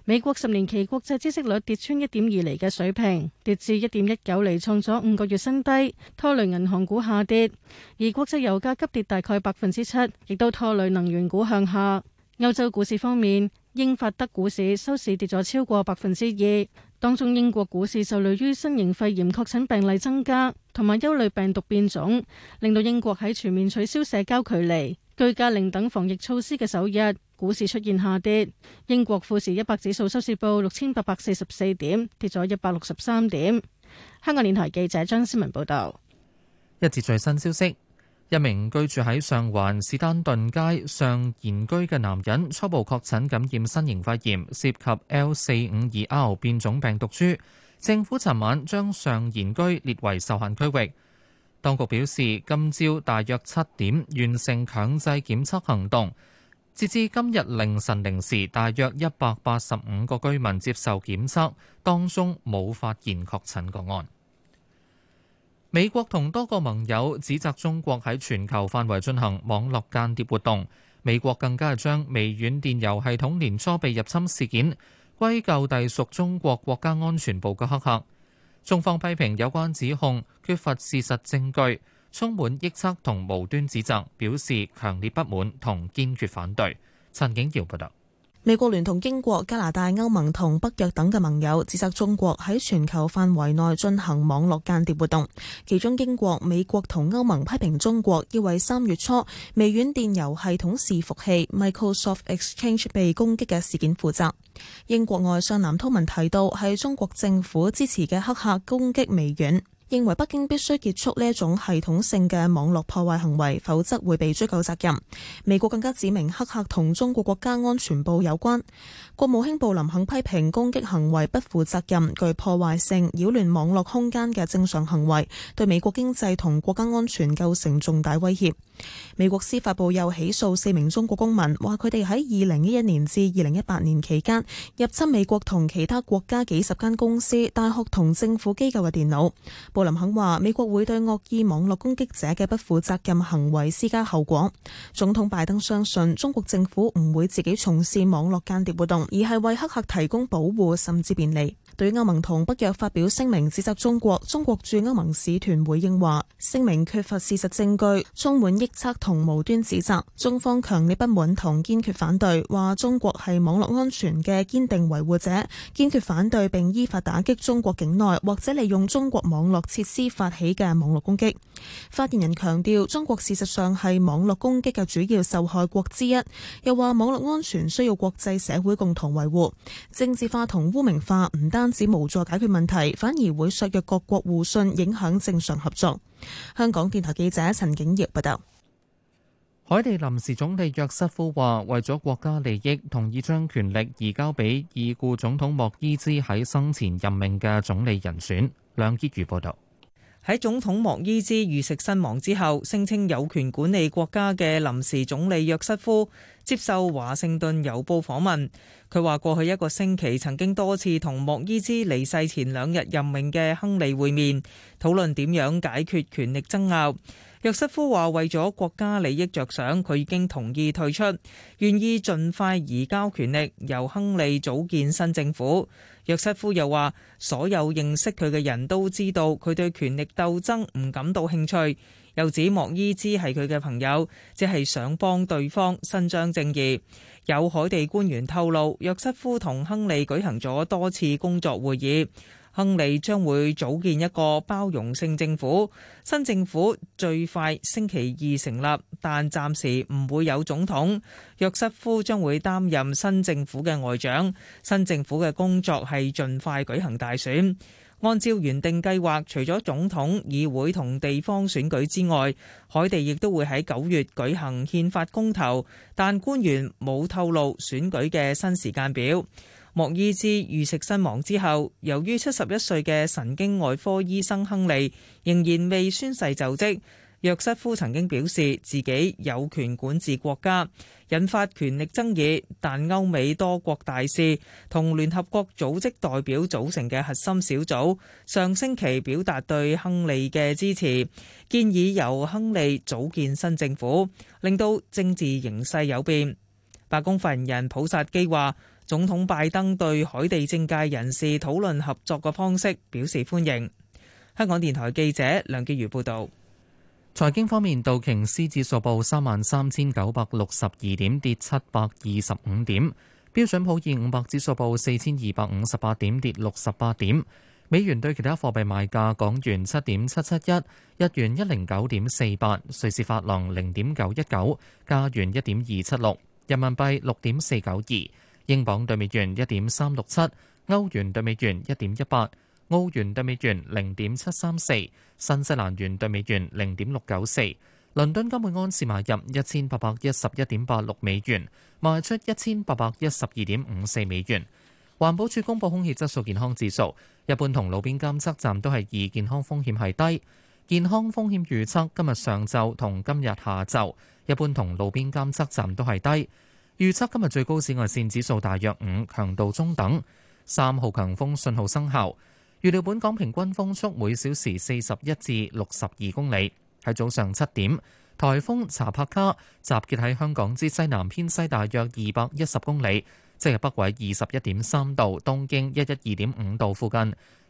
美國十年期國債息率跌穿一點二厘嘅水平，跌至一點一九厘，創咗五個月新低，拖累銀行股下跌。而國際油價急跌大概百分之七，亦都拖累能源股向下。歐洲股市方面，英法德股市收市跌咗超過百分之二，當中英國股市受累於新型肺炎確診病例增加同埋憂慮病毒變種，令到英國喺全面取消社交距離、居家令等防疫措施嘅首日，股市出現下跌。英國富時一百指數收市報六千八百四十四點，跌咗一百六十三點。香港電台記者張思文報道，一至最新消息。一名居住喺上環士丹頓街上賢居嘅男人初步確診感染新型肺炎，涉及 L452R 變種病毒株。政府尋晚將上賢居列為受限區域。當局表示，今朝大約七點完成強制檢測行動，截至今日凌晨零時，大約一百八十五個居民接受檢測，當中冇發現確診個案。美國同多個盟友指責中國喺全球範圍進行網絡間諜活動。美國更加係將微軟電郵系統年初被入侵事件歸咎隸屬中國國家安全部嘅黑客。中方批評有關指控缺乏事實證據，充滿臆測同無端指責，表示強烈不滿同堅決反對。陳景堯報導。美國聯同英國、加拿大、歐盟同北約等嘅盟友指責中國喺全球範圍內進行網絡間諜活動，其中英國、美國同歐盟批評中國要為三月初微軟電郵系統伺服器 Microsoft Exchange 被攻擊嘅事件負責。英國外相藍韜文提到，係中國政府支持嘅黑客攻擊微軟。認為北京必須結束呢一種系統性嘅網絡破壞行為，否則會被追究責任。美國更加指明黑客同中國國家安全部有關。國務卿布林肯批評攻擊行為不負責任、具破壞性、擾亂網絡空間嘅正常行為，對美國經濟同國家安全構成重大威脅。美國司法部又起訴四名中國公民，話佢哋喺二零一一年至二零一八年期間入侵美國同其他國家幾十間公司、大學同政府機構嘅電腦。布林肯話：美國會對惡意網絡攻擊者嘅不負責任行為施加後果。總統拜登相信中國政府唔會自己從事網絡間諜活動，而係為黑客提供保護甚至便利。對歐盟同北約發表聲明指責中國，中國駐歐盟使團回應話：聲明缺乏事實證據，充滿臆測同無端指責。中方強烈不滿同堅決反對，話中國係網絡安全嘅堅定維護者，堅決反對並依法打擊中國境內或者利用中國網絡設施發起嘅網絡攻擊。發言人強調，中國事實上係網絡攻擊嘅主要受害國之一。又話網絡安全需要國際社會共同維護，政治化同污名化唔得。單止無助解決問題，反而會削弱各國互信，影響正常合作。香港電台記者陳景業報道。海地臨時總理約瑟夫話，為咗國家利益，同意將權力移交俾已故總統莫伊茲喺生前任命嘅總理人選。梁潔如報道，喺總統莫伊茲遇弒身亡之後，聲稱有權管理國家嘅臨時總理約瑟夫接受華盛頓郵報訪問，佢話過去一個星期曾經多次同莫伊茲離世前兩日任命嘅亨利會面，討論點樣解決權力爭拗。約瑟夫話為咗國家利益着想，佢已經同意退出，願意盡快移交權力，由亨利組建新政府。約瑟夫又話，所有認識佢嘅人都知道佢對權力鬥爭唔感到興趣。又指莫伊茲係佢嘅朋友，只係想幫對方伸張正義。有海地官員透露，約瑟夫同亨利舉行咗多次工作會議。亨利將會組建一個包容性政府，新政府最快星期二成立，但暫時唔會有總統。約瑟夫將會擔任新政府嘅外長。新政府嘅工作係盡快舉行大選。按照原定計劃，除咗總統、議會同地方選舉之外，海地亦都會喺九月舉行憲法公投，但官員冇透露選舉嘅新時間表。莫伊茲遇刺身亡之後，由於七十一歲嘅神經外科醫生亨利仍然未宣誓就職，約瑟夫曾經表示自己有權管治國家，引發權力爭議。但歐美多國大使同聯合國組織代表組成嘅核心小組上星期表達對亨利嘅支持，建議由亨利組建新政府，令到政治形勢有變。白宮發言人普薩基話，總統拜登對海地政界人士討論合作嘅方式表示歡迎。香港電台記者梁潔如報導。財經方面，道瓊斯指數報三萬三千九百六十二點，跌七百二十五點；標準普爾五百指數報四千二百五十八點，跌六十八點。美元對其他貨幣賣價：港元七點七七一，日元一零九點四八，瑞士法郎零點九一九，加元一點二七六，人民幣六點四九二，英鎊對美元一點三六七，歐元對美元一點一八。澳元兌美元零點七三四，新西蘭元兌美元零點六九四。倫敦金每安士買入一千八百一十一點八六美元，賣出一千八百一十二點五四美元。環保署公布空氣質素健康指數，一般同路邊監測站都係二，健康風險係低。健康風險預測今日上晝同今日下晝，一般同路邊監測站都係低。預測今日最高紫外線指數大約五，強度中等，三號強風信號生效。預料本港平均風速每小時四十一至六十二公里。喺早上七點，颱風查帕卡集結喺香港之西南偏西大約二百一十公里，即係北緯二十一點三度，東經一一二點五度附近。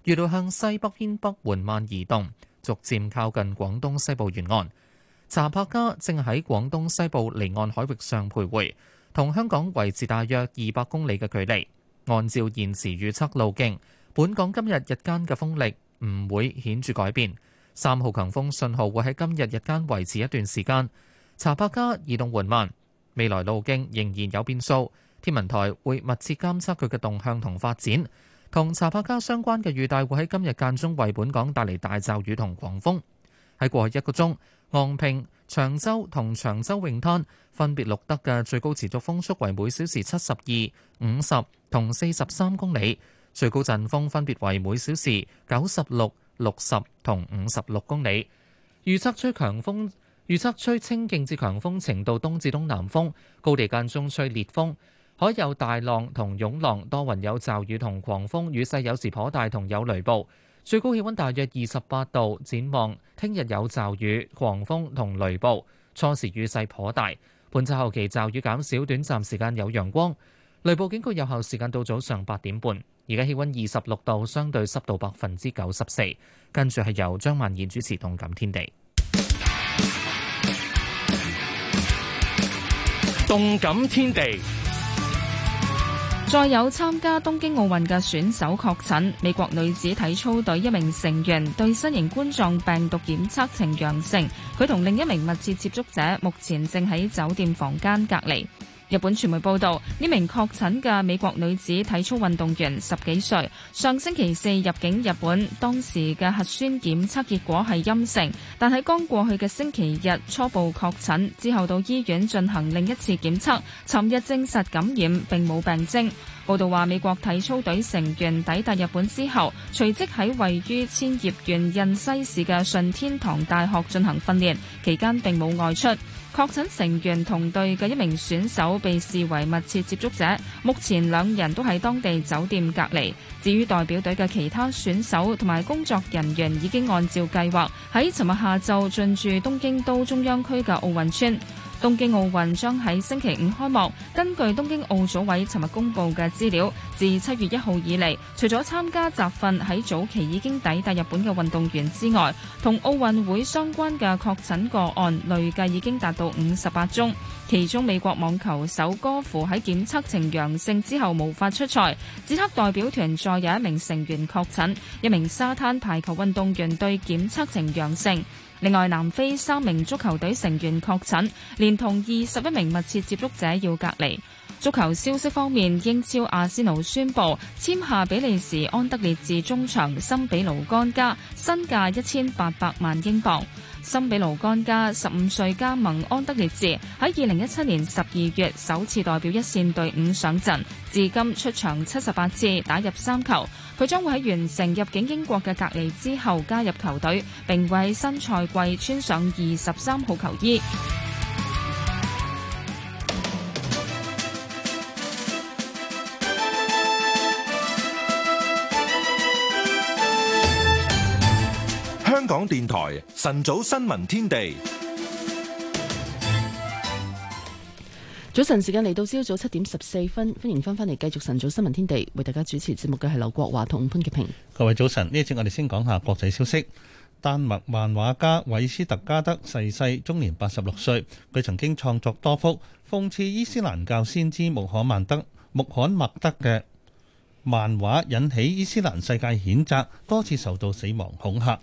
預料向西北偏北緩慢移動，逐漸靠近廣東西部沿岸。查帕卡正喺廣東西部離岸海域上徘徊，同香港維持大約二百公里嘅距離。按照現時預測路徑，本港今日日間嘅風力唔會顯著改變，三號強風信號會喺今日日間維持一段時間。查帕卡移動緩慢，未來路徑仍然有變數。天文台會密切監測佢嘅動向同發展。同查帕卡相關嘅雨帶會喺今日間中為本港帶嚟大驟雨同狂風。喺過去一個鐘，昂坪、長洲同長洲泳灘分別錄得嘅最高持續風速為每小時七十二、五十同四十三公里。最高陣風分別為每小時九十六、六十同五十六公里。預測吹強風，預測吹清勁至強風程度，東至東南風，高地間中吹烈風，海有大浪同湧浪，多雲有驟雨同狂風，雨勢有時頗大，同有雷暴。最高氣温大約二十八度。展望聽日有驟雨、狂風同雷暴，初時雨勢頗大，半晝後期驟雨減少，短暫時間有陽光。雷暴警告有效時間到早上八點半。而家氣温二十六度，相對濕度百分之九十四。跟住係由張曼燕主持《動感天地》。《動感天地》再有參加東京奧運嘅選手確診，美國女子體操隊一名成員對新型冠狀病毒檢測呈陽性，佢同另一名密切接觸者目前正喺酒店房間隔離。日本傳媒報導，呢名確診嘅美國女子體操運動員十幾歲，上星期四入境日本，當時嘅核酸檢測結果係陰性，但喺剛過去嘅星期日初步確診，之後到醫院進行另一次檢測，尋日證實感染並冇病徵。報道話，美國體操隊成員抵達日本之後，隨即喺位於千葉縣印西市嘅順天堂大學進行訓練，期間並冇外出。確診成員同隊嘅一名選手被視為密切接觸者，目前兩人都喺當地酒店隔離。至於代表隊嘅其他選手同埋工作人員，已經按照計劃喺尋日下晝進駐東京都中央區嘅奧運村。東京奧運將喺星期五開幕。根據東京奧組委尋日公佈嘅資料，自七月一號以嚟，除咗參加集訓喺早期已經抵達日本嘅運動員之外，同奧運會相關嘅確診個案累計已經達到五十八宗。其中，美國網球手戈芙喺檢測呈陽性之後無法出賽；捷克代表團再有一名成員確診，一名沙灘排球運動員對檢測呈陽性。另外，南非三名足球隊成員確診，連同二十一名密切接觸者要隔離。足球消息方面，英超阿仙奴宣布簽下比利時安德烈治中場森比盧干加，身價一千八百萬英鎊。森比盧干加十五歲加盟安德烈治，喺二零一七年十二月首次代表一線隊伍上陣，至今出場七十八次，打入三球。佢將會喺完成入境英國嘅隔離之後加入球隊，並為新賽季穿上二十三號球衣。香港電台晨早新聞天地。早晨時間嚟到，朝早七點十四分，歡迎翻返嚟繼續晨早新聞天地，為大家主持節目嘅係劉國華同潘潔平。各位早晨，呢一節我哋先講下國際消息。丹麥漫畫家韋斯特加德逝世，終年八十六歲。佢曾經創作多幅諷刺伊斯蘭教先知穆罕默德穆罕默德嘅漫畫，引起伊斯蘭世界譴責，多次受到死亡恐嚇。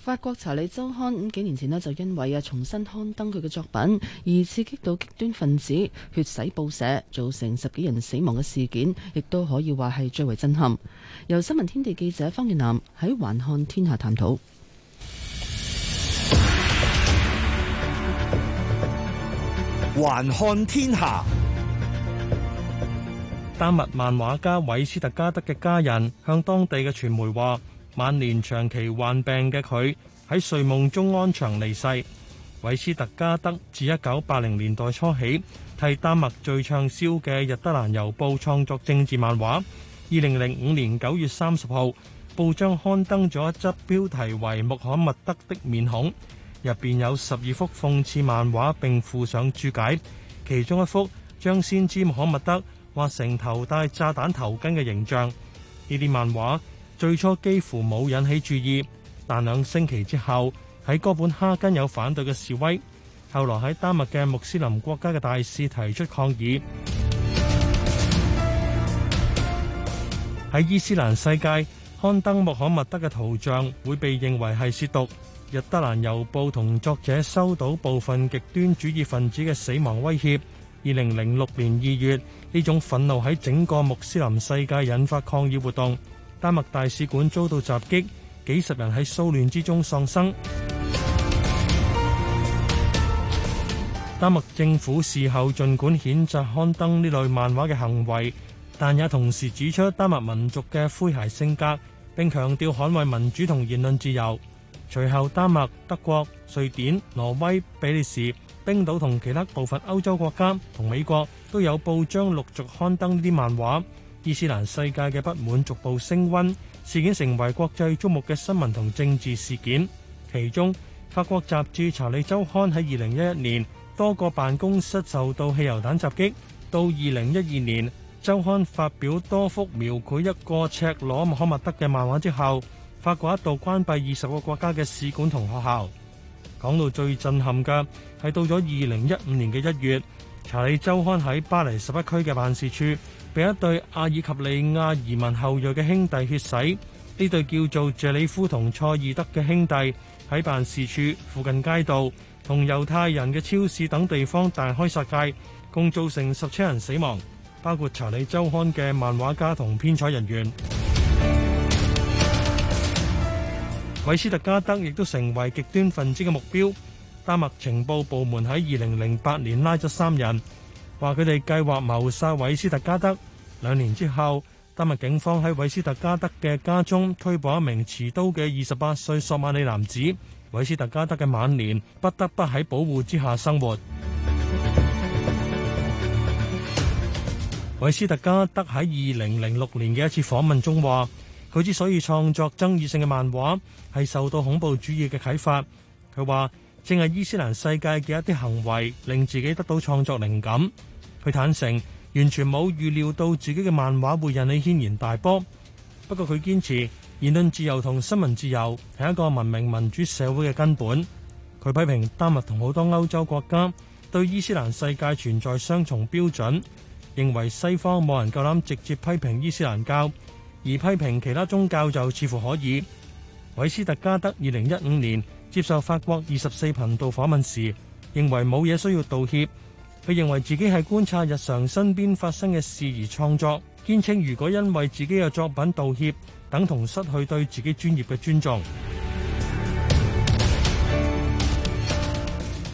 法國查理周刊幾年前咧，就因為啊重新刊登佢嘅作品而刺激到極端分子血洗報社，造成十幾人死亡嘅事件，亦都可以話係最為震撼。由新聞天地記者方月南喺《還看天下》探討，《還看天下》丹麥漫畫家韋斯特加德嘅家人向當地嘅傳媒話。晚年長期患病嘅佢喺睡夢中安詳離世。韋斯特加德自一九八零年代初起，替丹麥最暢銷嘅日德蘭郵報創作政治漫畫。二零零五年九月三十號，報章刊登咗一則標題為《穆罕默德的面孔》，入邊有十二幅諷刺漫畫，並附上注解。其中一幅將先知穆罕默德畫成頭戴炸彈頭巾嘅形象。呢啲漫畫。最初幾乎冇引起注意，但兩星期之後喺哥本哈根有反對嘅示威。後來喺丹麥嘅穆斯林國家嘅大使提出抗議。喺 伊斯蘭世界，刊登穆罕默德嘅圖像會被認為係褻瀆。日德蘭郵報同作者收到部分極端主義分子嘅死亡威脅。二零零六年二月，呢種憤怒喺整個穆斯林世界引發抗議活動。丹麥大使館遭到襲擊，幾十人喺騷亂之中喪生。丹麥政府事後儘管譴責刊登呢類漫畫嘅行為，但也同時指出丹麥民族嘅詼諧性格，並強調捍衞民主同言論自由。隨後，丹麥、德國、瑞典、挪威、比利時、冰島同其他部分歐洲國家同美國都有報章陸續刊登呢啲漫畫。伊斯蘭世界嘅不滿逐步升溫，事件成為國際矚目嘅新聞同政治事件。其中，法國雜誌《查理週刊》喺二零一一年多個辦公室受到汽油彈襲擊，到二零一二年週刊發表多幅描繪一個赤裸穆罕默德嘅漫畫之後，法國一度關閉二十個國家嘅使館同學校。講到最震撼嘅係到咗二零一五年嘅一月，《查理週刊》喺巴黎十一區嘅辦事處，被一對阿爾及利亞移民後裔嘅兄弟血洗，呢對叫做謝里夫同賽爾德嘅兄弟喺辦事處附近街道同猶太人嘅超市等地方大開殺戒，共造成十七人死亡，包括《查理周刊》嘅漫畫家同編採人員。 韋斯特加德亦都成為極端分子嘅目標，丹麥情報部門喺二零零八年拉咗三人。話佢哋計劃謀殺韋斯特加德。兩年之後，丹麥警方喺韋斯特加德嘅家中拘捕一名持刀嘅二十八歲索馬里男子。韋斯特加德嘅晚年不得不喺保護之下生活。韋 斯特加德喺二零零六年嘅一次訪問中話，佢之所以創作爭議性嘅漫畫，係受到恐怖主義嘅啟發。佢話正係伊斯蘭世界嘅一啲行為令自己得到創作靈感。佢坦承完全冇預料到自己嘅漫畫會引起軒然大波，不過佢堅持言論自由同新聞自由係一個文明民主社會嘅根本。佢批評丹麥同好多歐洲國家對伊斯蘭世界存在雙重標準，認為西方冇人夠膽直接批評伊斯蘭教，而批評其他宗教就似乎可以。韋斯特加德二零一五年接受法國二十四頻道訪問時，認為冇嘢需要道歉。佢認為自己係觀察日常身邊發生嘅事而創作，堅稱如果因為自己嘅作品道歉，等同失去對自己專業嘅尊重。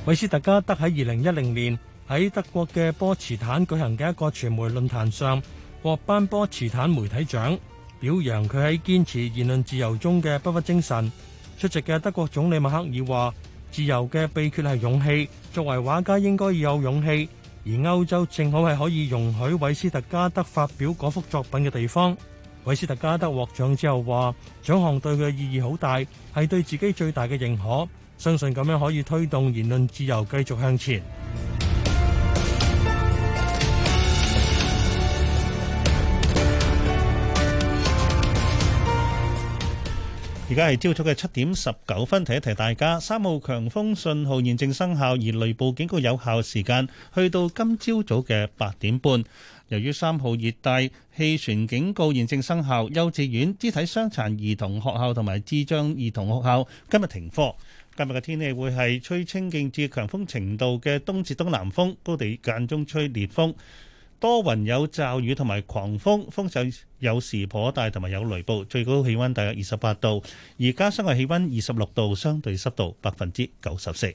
韋 斯特加德喺二零一零年喺德國嘅波茨坦舉行嘅一個傳媒論壇上獲頒波茨坦媒體獎，表揚佢喺堅持言論自由中嘅不屈精神。出席嘅德國總理默克爾話。自由嘅秘訣係勇氣，作為畫家應該要有勇氣，而歐洲正好係可以容許韋斯特加德發表嗰幅作品嘅地方。韋斯特加德獲獎之後話，獎項對佢嘅意義好大，係對自己最大嘅認可，相信咁樣可以推動言論自由繼續向前。而家係朝早嘅七點十九分，提一提大家，三號強風信號現正生效，而雷暴警告有效時間去到今朝早嘅八點半。由於三號熱帶氣旋警告現正生效，幼稚園、肢體傷殘兒童學校同埋智障兒童學校今日停課。今日嘅天氣會係吹清勁至強風程度嘅東至東南風，高地間中吹烈風。多雲有驟雨同埋狂風，風勢有時頗大，同埋有雷暴。最高氣溫大約二十八度，而家室外氣溫二十六度，相對濕度百分之九十四。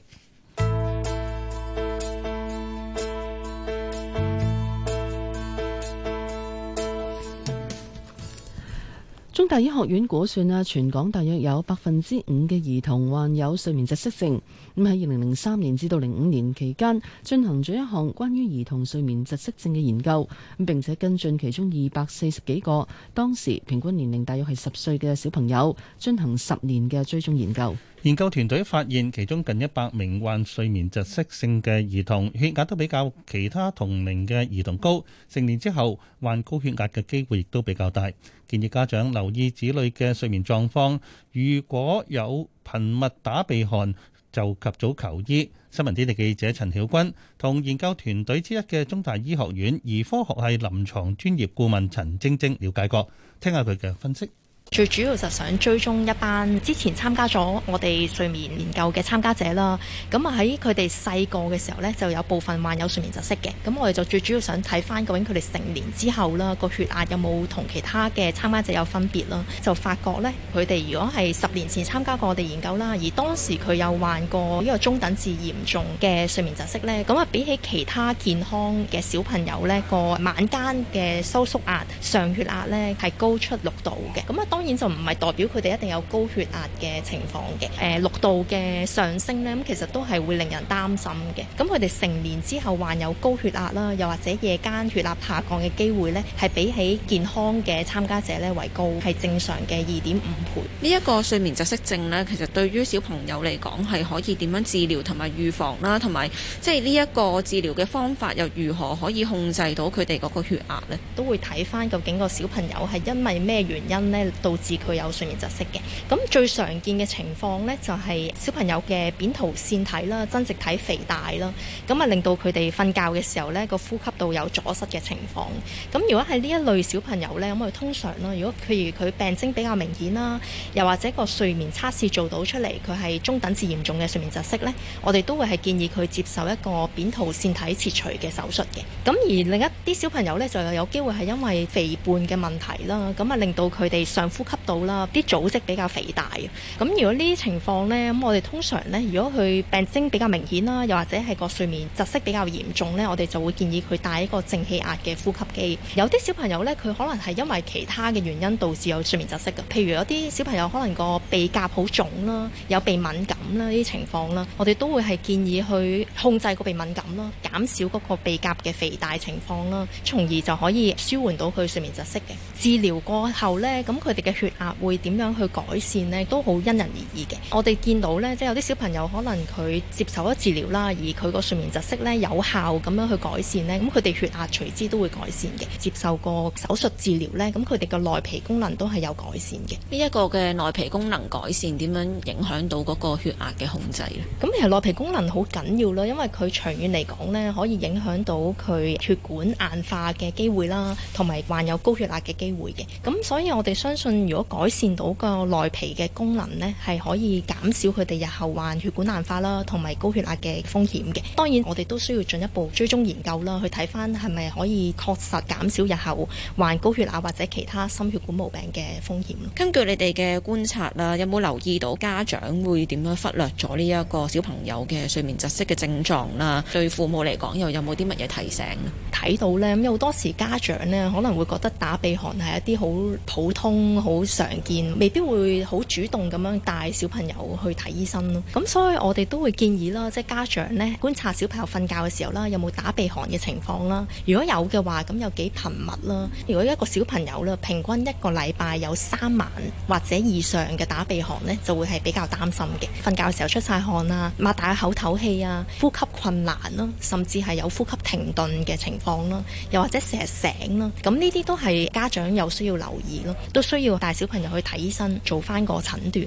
中大醫學院估算啊，全港大約有百分之五嘅兒童患有睡眠窒息症。咁喺二零零三年至到零五年期間，進行咗一項關於兒童睡眠窒息症嘅研究，並且跟進其中二百四十幾個當時平均年齡大約係十歲嘅小朋友，進行十年嘅追蹤研究。研究團隊發現，其中近一百名患睡眠窒息性嘅兒童，血壓都比較其他同齡嘅兒童高。成年之後患高血壓嘅機會亦都比較大。建議家長留意子女嘅睡眠狀況，如果有頻密打鼻鼾，就及早求醫。新聞天地記者陳曉君同研究團隊之一嘅中大醫學院兒科學系臨床專業顧問陳晶晶了解過，聽下佢嘅分析。最主要就想追蹤一班之前參加咗我哋睡眠研究嘅參加者啦，咁啊喺佢哋細個嘅時候咧，就有部分患有睡眠窒息嘅，咁我哋就最主要想睇翻究竟佢哋成年之後啦，個血壓有冇同其他嘅參加者有分別啦？就發覺咧，佢哋如果係十年前參加過我哋研究啦，而當時佢有患過呢個中等至嚴重嘅睡眠窒息咧，咁啊比起其他健康嘅小朋友咧，個晚間嘅收縮壓上血壓咧係高出六度嘅，咁啊當。當然就唔係代表佢哋一定有高血壓嘅情況嘅。誒、呃、六度嘅上升呢，其實都係會令人擔心嘅。咁佢哋成年之後患有高血壓啦，又或者夜間血壓下降嘅機會呢，係比起健康嘅參加者呢為高，係正常嘅二點五倍。呢一個睡眠窒息症呢，其實對於小朋友嚟講係可以點樣治療同埋預防啦、啊，同埋即係呢一個治療嘅方法又如何可以控制到佢哋嗰個血壓呢？都會睇翻究竟個小朋友係因為咩原因呢。導致佢有睡眠窒息嘅，咁最常見嘅情況呢，就係小朋友嘅扁桃腺體啦、增殖體肥大啦，咁啊令到佢哋瞓覺嘅時候呢個呼吸道有阻塞嘅情況。咁如果係呢一類小朋友呢，咁我哋通常啦，如果譬如佢病徵比較明顯啦，又或者個睡眠測試做到出嚟佢係中等至嚴重嘅睡眠窒息呢，我哋都會係建議佢接受一個扁桃腺體切除嘅手術嘅。咁而另一啲小朋友呢，就有機會係因為肥胖嘅問題啦，咁啊令到佢哋上呼吸道啦，啲組織比較肥大嘅。咁如果呢啲情況呢，咁我哋通常呢，如果佢病徵比較明顯啦，又或者係個睡眠窒息比較嚴重呢，我哋就會建議佢戴一個正氣壓嘅呼吸機。有啲小朋友呢，佢可能係因為其他嘅原因導致有睡眠窒息嘅。譬如有啲小朋友可能個鼻甲好腫啦，有鼻敏感啦，呢啲情況啦，我哋都會係建議去控制個鼻敏感啦，減少嗰個鼻甲嘅肥大情況啦，從而就可以舒緩到佢睡眠窒息嘅。治療過後呢，咁佢哋嘅血壓會點樣去改善呢？都好因人而異嘅。我哋見到呢，即係有啲小朋友可能佢接受咗治療啦，而佢個睡眠窒息呢，有效咁樣去改善呢。咁佢哋血壓隨之都會改善嘅。接受過手術治療呢，咁佢哋嘅內皮功能都係有改善嘅。呢一個嘅內皮功能改善點樣影響到嗰個血壓嘅控制呢？咁其實內皮功能好緊要咯，因為佢長遠嚟講呢，可以影響到佢血管硬化嘅機會啦，同埋患有高血壓嘅機會嘅。咁所以我哋相信。如果改善到個內皮嘅功能呢，係可以減少佢哋日後患血管硬化啦，同埋高血壓嘅風險嘅。當然，我哋都需要進一步追蹤研究啦，去睇翻係咪可以確實減少日後患高血壓或者其他心血管毛病嘅風險。根據你哋嘅觀察啦，有冇留意到家長會點樣忽略咗呢一個小朋友嘅睡眠窒息嘅症狀啦？對父母嚟講，又有冇啲乜嘢提醒？睇到咧，有好多時家長咧，可能會覺得打鼻鼾係一啲好普通。好常見，未必會好主動咁樣帶小朋友去睇醫生咯。咁所以我哋都會建議啦，即係家長呢觀察小朋友瞓覺嘅時候啦，有冇打鼻鼾嘅情況啦。如果有嘅話，咁有幾頻密啦。如果一個小朋友呢，平均一個禮拜有三晚或者以上嘅打鼻鼾呢，就會係比較擔心嘅。瞓覺嘅時候出晒汗啊，擘大口唞氣啊，呼吸困難咯，甚至係有呼吸停頓嘅情況咯，又或者成日醒啦。咁呢啲都係家長有需要留意咯，都需要。帶小朋友去睇醫生，做翻個診斷。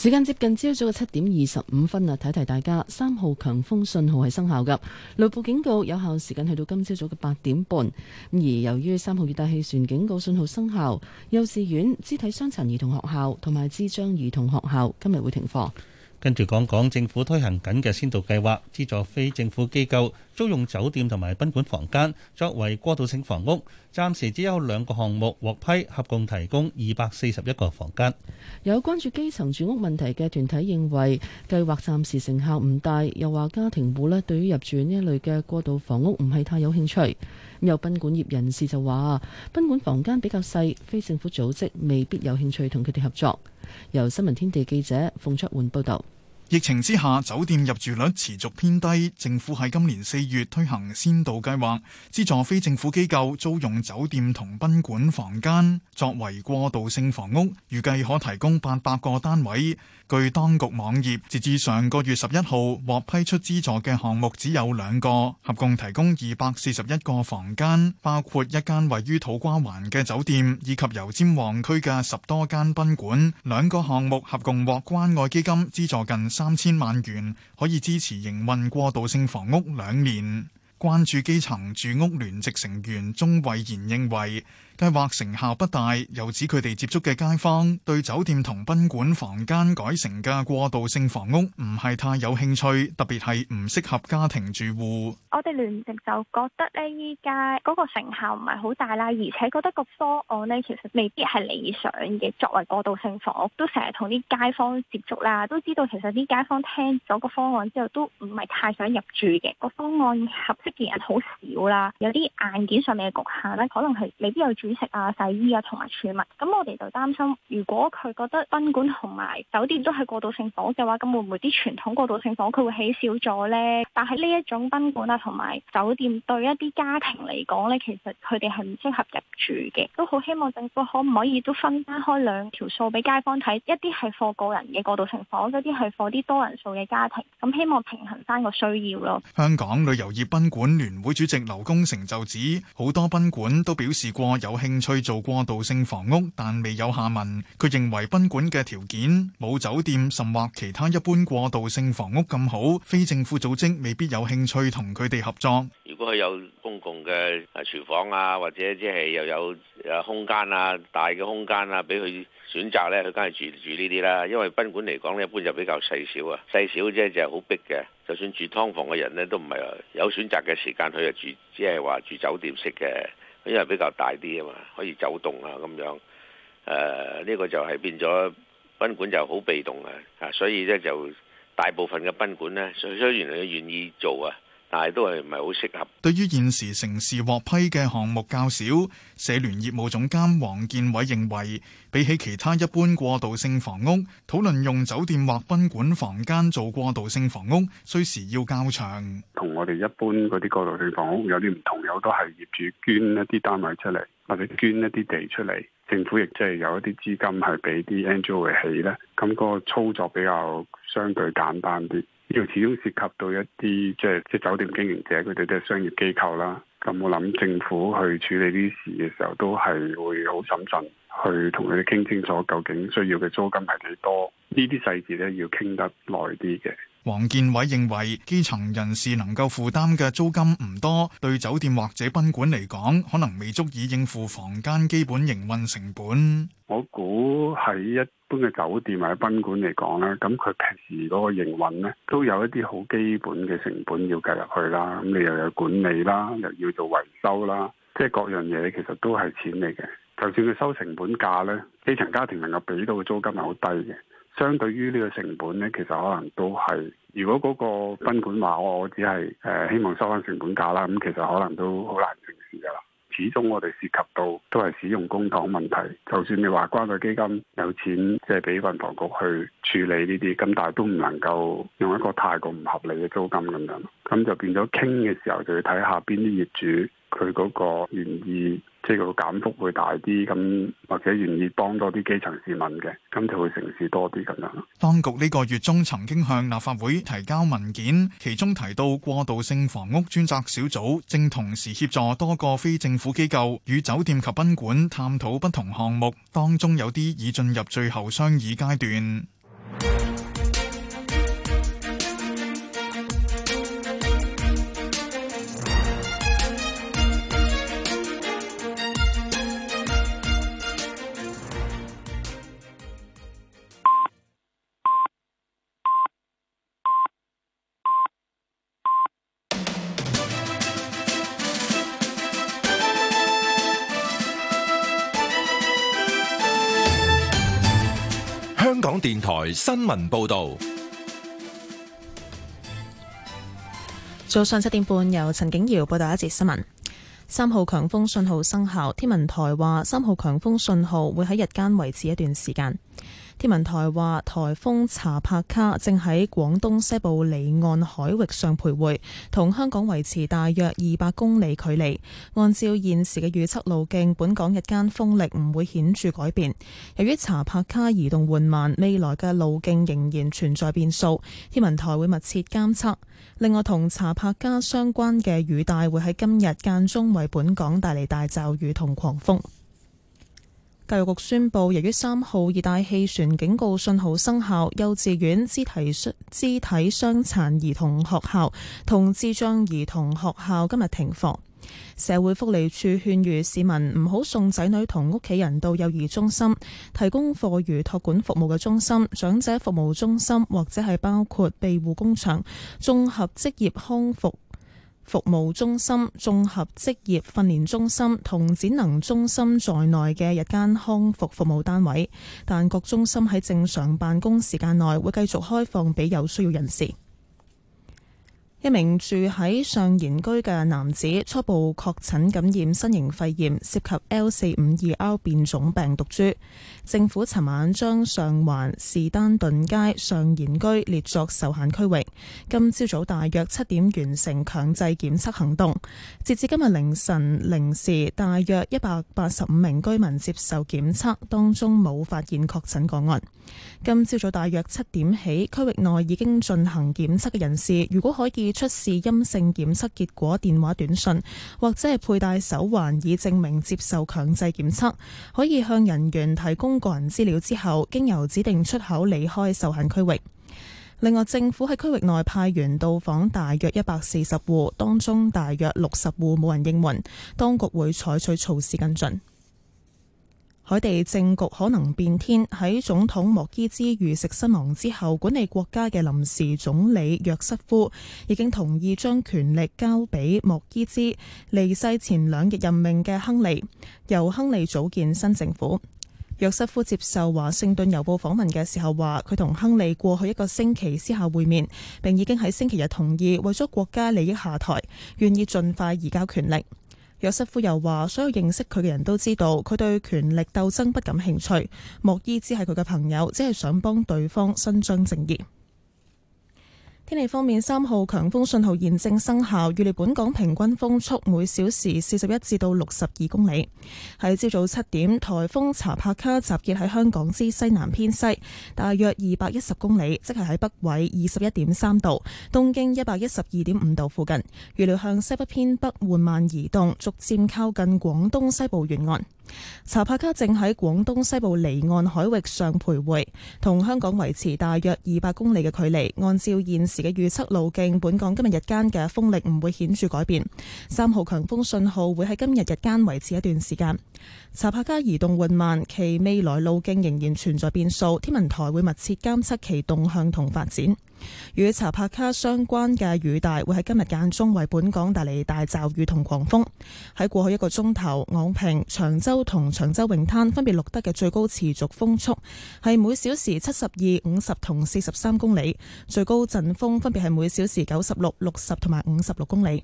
時間接近朝早嘅七點二十五分啦，提提大家，三號強風信號係生效嘅，雷暴警告有效時間去到今朝早嘅八點半。而由於三號熱帶氣旋警告信號生效，幼稚園、肢體傷殘兒童學校同埋智障兒童學校今日會停課。跟住講講政府推行緊嘅先導計劃，資助非政府機構租用酒店同埋賓館房間作為過渡性房屋。暫時只有兩個項目獲批，合共提供二百四十一個房間。有關注基層住屋問題嘅團體認為，計劃暫時成效唔大。又話家庭戶咧，對於入住呢一類嘅過渡房屋唔係太有興趣。有賓館業人士就話啊，賓館房間比較細，非政府組織未必有興趣同佢哋合作。由新聞天地記者馮卓煥報導。疫情之下，酒店入住率持續偏低。政府喺今年四月推行先導計劃，資助非政府機構租用酒店同賓館房間作為過渡性房屋，預計可提供八百個單位。據當局網頁，截至上個月十一號獲批出資助嘅項目只有兩個，合共提供二百四十一個房間，包括一間位於土瓜灣嘅酒店以及油尖旺區嘅十多間賓館，兩個項目合共獲關愛基金資助近。三千萬元可以支持營運過渡性房屋兩年。關注基層住屋聯席成員鍾慧賢認為，計劃成效不大，又指佢哋接觸嘅街坊對酒店同賓館房間改成嘅過渡性房屋唔係太有興趣，特別係唔適合家庭住戶。我哋聯席就覺得呢依家，嗰個成效唔係好大啦，而且覺得個方案呢其實未必係理想嘅，作為過渡性房屋都成日同啲街坊接觸啦，都知道其實啲街坊聽咗個方案之後都唔係太想入住嘅，個方案合適嘅人好少啦，有啲硬件上面嘅局限呢，可能係未必有住。飲食啊、洗衣啊同埋儲物，咁我哋就擔心，如果佢覺得賓館同埋酒店都係過渡性房嘅話，咁會唔會啲傳統過渡性房佢會起少咗呢？但係呢一種賓館啊同埋酒店對一啲家庭嚟講呢，其實佢哋係唔適合入住嘅。都好希望政府可唔可以都分翻開兩條數俾街坊睇，一啲係貨個人嘅過渡性房，一啲係貨啲多人數嘅家庭。咁希望平衡翻個需要咯。香港旅遊業賓館聯會主席劉功成就指，好多賓館都表示過有。興趣做過渡性房屋，但未有下文。佢認為賓館嘅條件冇酒店，甚或其他一般過渡性房屋咁好，非政府組織未必有興趣同佢哋合作。如果佢有公共嘅廚房啊，或者即係又有誒空間啊，大嘅空間啊，俾佢選擇咧，佢梗係住住呢啲啦。因為賓館嚟講咧，一般就比較細小啊，細小即係就係好逼嘅。就算住劏房嘅人咧，都唔係話有選擇嘅時間，佢就住，即係話住酒店式嘅。因為比較大啲啊嘛，可以走動啊咁樣，誒呢個就係變咗賓館就好被動啊，啊所以咧就大部分嘅賓館咧，雖雖然佢願意做啊。但係都係唔係好適合。對於現時城市獲批嘅項目較少，社聯業務總監黃建偉認為，比起其他一般過渡性房屋，討論用酒店或賓館房間做過渡性房屋，需時要較長。同我哋一般嗰啲過渡性房屋有啲唔同，有都係業主捐一啲單位出嚟，或者捐一啲地出嚟。政府亦即係有一啲資金係俾啲 NGO 起咧，嗰個操作比較相對簡單啲。呢個始終涉及到一啲即係即係酒店經營者佢哋都係商業機構啦。咁我諗政府去處理呢啲事嘅時候都係會好審慎去同佢哋傾清楚，究竟需要嘅租金係幾多？呢啲細節咧要傾得耐啲嘅。黃建偉認為，基層人士能夠負擔嘅租金唔多，對酒店或者賓館嚟講，可能未足以應付房間基本營運成本。我估喺一般嘅酒店或者賓館嚟講啦，咁佢平時嗰個營運咧，都有一啲好基本嘅成本要計入去啦。咁你又有管理啦，又要做維修啦，即係各樣嘢，其實都係錢嚟嘅。就算佢收成本價咧，基層家庭能夠俾到嘅租金係好低嘅。相對於呢個成本呢，其實可能都係，如果嗰個賓館話我只係、呃、希望收翻成本價啦，咁其實可能都好難成事嘅啦。始終我哋涉及到都係使用公帑問題，就算你話關個基金有錢借俾運房局去處理呢啲咁大，但都唔能夠用一個太過唔合理嘅租金咁樣。咁就變咗傾嘅時候，就要睇下邊啲業主佢嗰個願意，即係個減幅會大啲，咁或者願意幫多啲基層市民嘅，咁就會成事多啲咁樣。當局呢個月中曾經向立法會提交文件，其中提到過渡性房屋專責小組正同時協助多個非政府機構與酒店及賓館探討不同項目，當中有啲已進入最後商議階段。台新聞報道，早上七點半由陳景堯報道一節新聞。三號強風信號生效，天文台話三號強風信號會喺日間維持一段時間。天文台話，颱風查帕卡正喺廣東西部離岸海域上徘徊，同香港維持大約二百公里距離。按照現時嘅預測路徑，本港日間風力唔會顯著改變。由於查帕卡移動緩慢，未來嘅路徑仍然存在變數，天文台會密切監測。另外，同查帕卡相關嘅雨帶會喺今日間中為本港帶嚟大驟雨同狂風。教育局宣布，由於三號熱帶氣旋警告信號生效，幼稚園、肢體傷肢體傷殘兒童學校同智障兒童學校今日停課。社會福利處勸喻市民唔好送仔女同屋企人到幼兒中心、提供課餘托管服務嘅中心、長者服務中心或者係包括庇護工場、綜合職業康復服務中心、綜合職業訓練中心同展能中心在內嘅日間康復服務單位，但各中心喺正常辦公時間內會繼續開放俾有需要人士。一名住喺上賢居嘅男子初步確診感染新型肺炎，涉及 L452R 變種病毒株。政府尋晚將上環士丹頓街上賢居列作受限區域。今朝早大約七點完成強制檢測行動，截至今日凌晨零時大約一百八十五名居民接受檢測，當中冇發現確診個案。今朝早大約七點起，區域內已經進行檢測嘅人士，如果可以。出示陰性檢測結果、電話短信或者係佩戴手環，以證明接受強制檢測，可以向人員提供個人資料之後，經由指定出口離開受限區域。另外，政府喺區域內派員到訪大約一百四十戶，當中大約六十戶冇人應門，當局會採取措施跟進。海地政局可能變天。喺總統莫伊茲遇食身亡之後管理國家嘅臨時總理約瑟夫已經同意將權力交俾莫伊茲離世前兩日任命嘅亨利，由亨利組建新政府。約瑟夫接受《華盛頓郵報》訪問嘅時候話，佢同亨利過去一個星期私下會面，並已經喺星期日同意為咗國家利益下台，願意盡快移交權力。約瑟夫又話：所有認識佢嘅人都知道，佢對權力鬥爭不感興趣。莫伊只係佢嘅朋友，只係想幫對方伸張正義。天氣方面，三號強風信號現正生效，預料本港平均風速每小時四十一至到六十二公里。喺朝早七點，颱風查帕卡集結喺香港之西南偏西，大約二百一十公里，即係喺北緯二十一點三度、東經一百一十二點五度附近，預料向西北偏北緩慢移動，逐漸靠近廣東西部沿岸。查帕卡正喺廣東西部離岸海域上徘徊，同香港維持大約二百公里嘅距離。按照現時嘅預測路徑，本港今日日間嘅風力唔會顯著改變，三號強風信號會喺今日日間維持一段時間。查帕卡移動緩慢，其未來路徑仍然存在變數，天文台會密切監測其動向同發展。與查帕卡相關嘅雨帶會喺今日間中為本港帶嚟大驟雨同狂風。喺過去一個鐘頭，昂坪、長洲同長洲泳灘分別錄得嘅最高持續風速係每小時七十二、五十同四十三公里，最高陣風分別係每小時九十六、六十同埋五十六公里。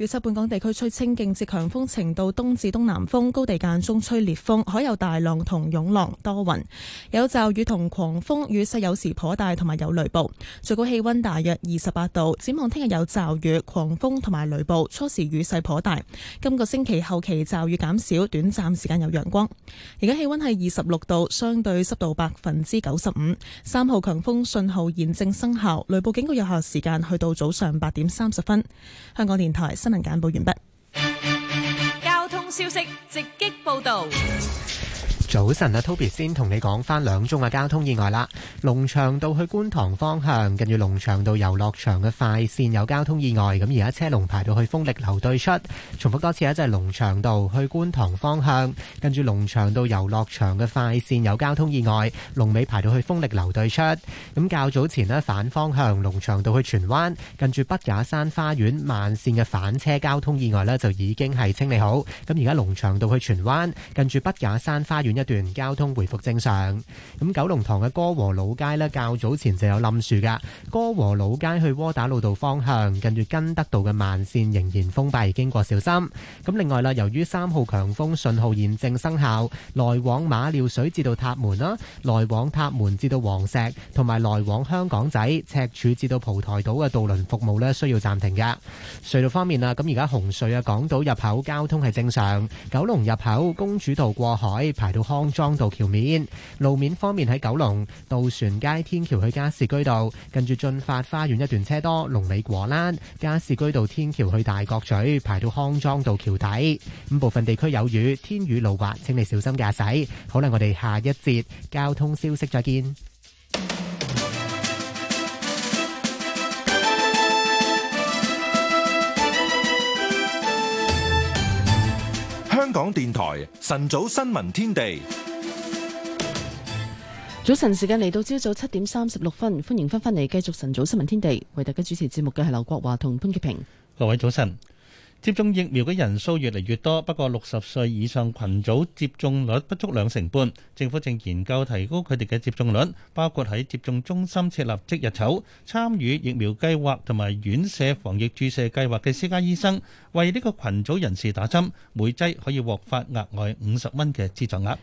預測本港地區吹清勁至強風程度東至東南風，高地間中吹烈風，海有大浪同湧浪，多雲，有驟雨同狂風，雨勢有時頗大，同埋有雷暴。最高氣溫大約二十八度。展望聽日有驟雨、狂風同埋雷暴，初時雨勢頗大。今個星期後期驟雨減少，短暫時間有陽光。而家氣溫係二十六度，相對濕度百分之九十五。三號強風信號現正生效，雷暴警告有效時間去到早上八點三十分。香港電台新新聞簡報完畢。交通消息直擊報道。早晨啊，Toby 先同你講返兩宗嘅交通意外啦。龍翔道去觀塘方向，近住龍翔道遊樂場嘅快綫有交通意外，咁而家車龍排到去豐力樓對出。重複多次啊，即係龍翔道去觀塘方向，跟住龍翔道遊樂場嘅快綫有交通意外，龍尾排到去豐力樓對出。咁較早前呢，反方向龍翔道去荃灣，近住筆架山花園慢綫嘅反車交通意外呢，就已經係清理好。咁而家龍翔道去荃灣，近住筆架山花園。一段交通回復正常。咁九龍塘嘅歌和老街咧，較早前就有冧樹噶。歌和老街去窩打老道方向，近住根德道嘅慢線仍然封閉，經過小心。咁另外啦，由於三號強風信號現正生效，來往馬料水至到塔門啦，來往塔門至到黃石同埋來往香港仔、赤柱至到蒲台島嘅渡輪服務咧，需要暫停噶。隧道方面啦，咁而家紅隧啊，港島入口交通係正常，九龍入口公主道過海排到。康莊道橋面路面方面，喺九龍渡船街天橋去加士居道，跟住駿發花園一段車多，龍尾果欄；加士居道天橋去大角咀，排到康莊道橋底。咁部分地區有雨，天雨路滑，請你小心駕駛。好啦，我哋下一節交通消息再見。香港電台晨早新聞天地，早晨時間嚟到朝早七點三十六分，歡迎翻返嚟繼續晨早新聞天地，為大家主持節目嘅係劉國華同潘潔平，各位早晨。接種疫苗嘅人數越嚟越多，不過六十歲以上群組接種率不足兩成半。政府正研究提高佢哋嘅接種率，包括喺接種中心設立即日籌，參與疫苗計劃同埋院舍防疫注射計劃嘅私家醫生，為呢個群組人士打針，每劑可以獲發額外五十蚊嘅資助額。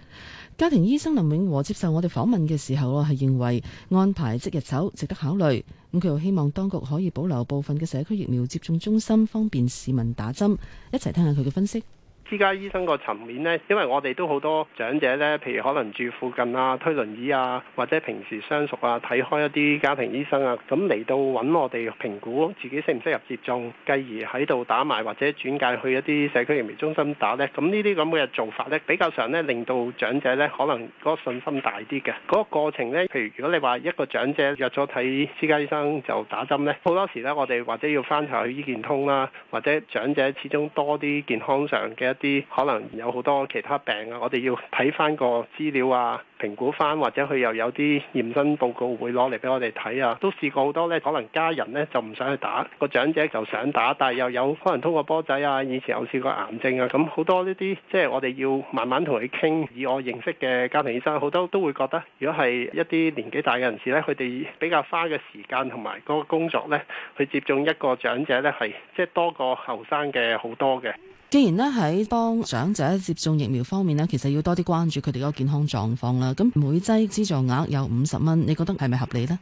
家庭醫生林永和接受我哋訪問嘅時候，喎係認為安排即日走值得考慮。咁佢又希望當局可以保留部分嘅社區疫苗接種中心，方便市民打針。一齊聽下佢嘅分析。私家醫生個層面呢，因為我哋都好多長者呢，譬如可能住附近啊、推輪椅啊，或者平時相熟啊，睇開一啲家庭醫生啊，咁嚟到揾我哋評估自己適唔適合接種，繼而喺度打埋或者轉介去一啲社區醫療中心打呢。咁呢啲咁嘅做法呢，比較上呢，令到長者呢可能嗰個信心大啲嘅。嗰個過程呢，譬如如果你話一個長者約咗睇私家醫生就打針呢，好多時呢，我哋或者要翻上去醫健通啦，或者長者始終多啲健康上嘅。啲可能有好多其他病啊，我哋要睇翻個資料啊，評估翻或者佢又有啲驗身報告會攞嚟俾我哋睇啊，都試過好多呢，可能家人呢就唔想去打，個長者就想打，但係又有可能通過波仔啊，以前有試過癌症啊，咁好多呢啲即係我哋要慢慢同佢傾。以我認識嘅家庭醫生，好多都會覺得，如果係一啲年紀大嘅人士呢，佢哋比較花嘅時間同埋個工作呢，去接種一個長者呢，係即係多過後生嘅好多嘅。既然咧喺幫長者接種疫苗方面咧，其實要多啲關注佢哋個健康狀況啦。咁每劑資助額有五十蚊，你覺得係咪合理咧？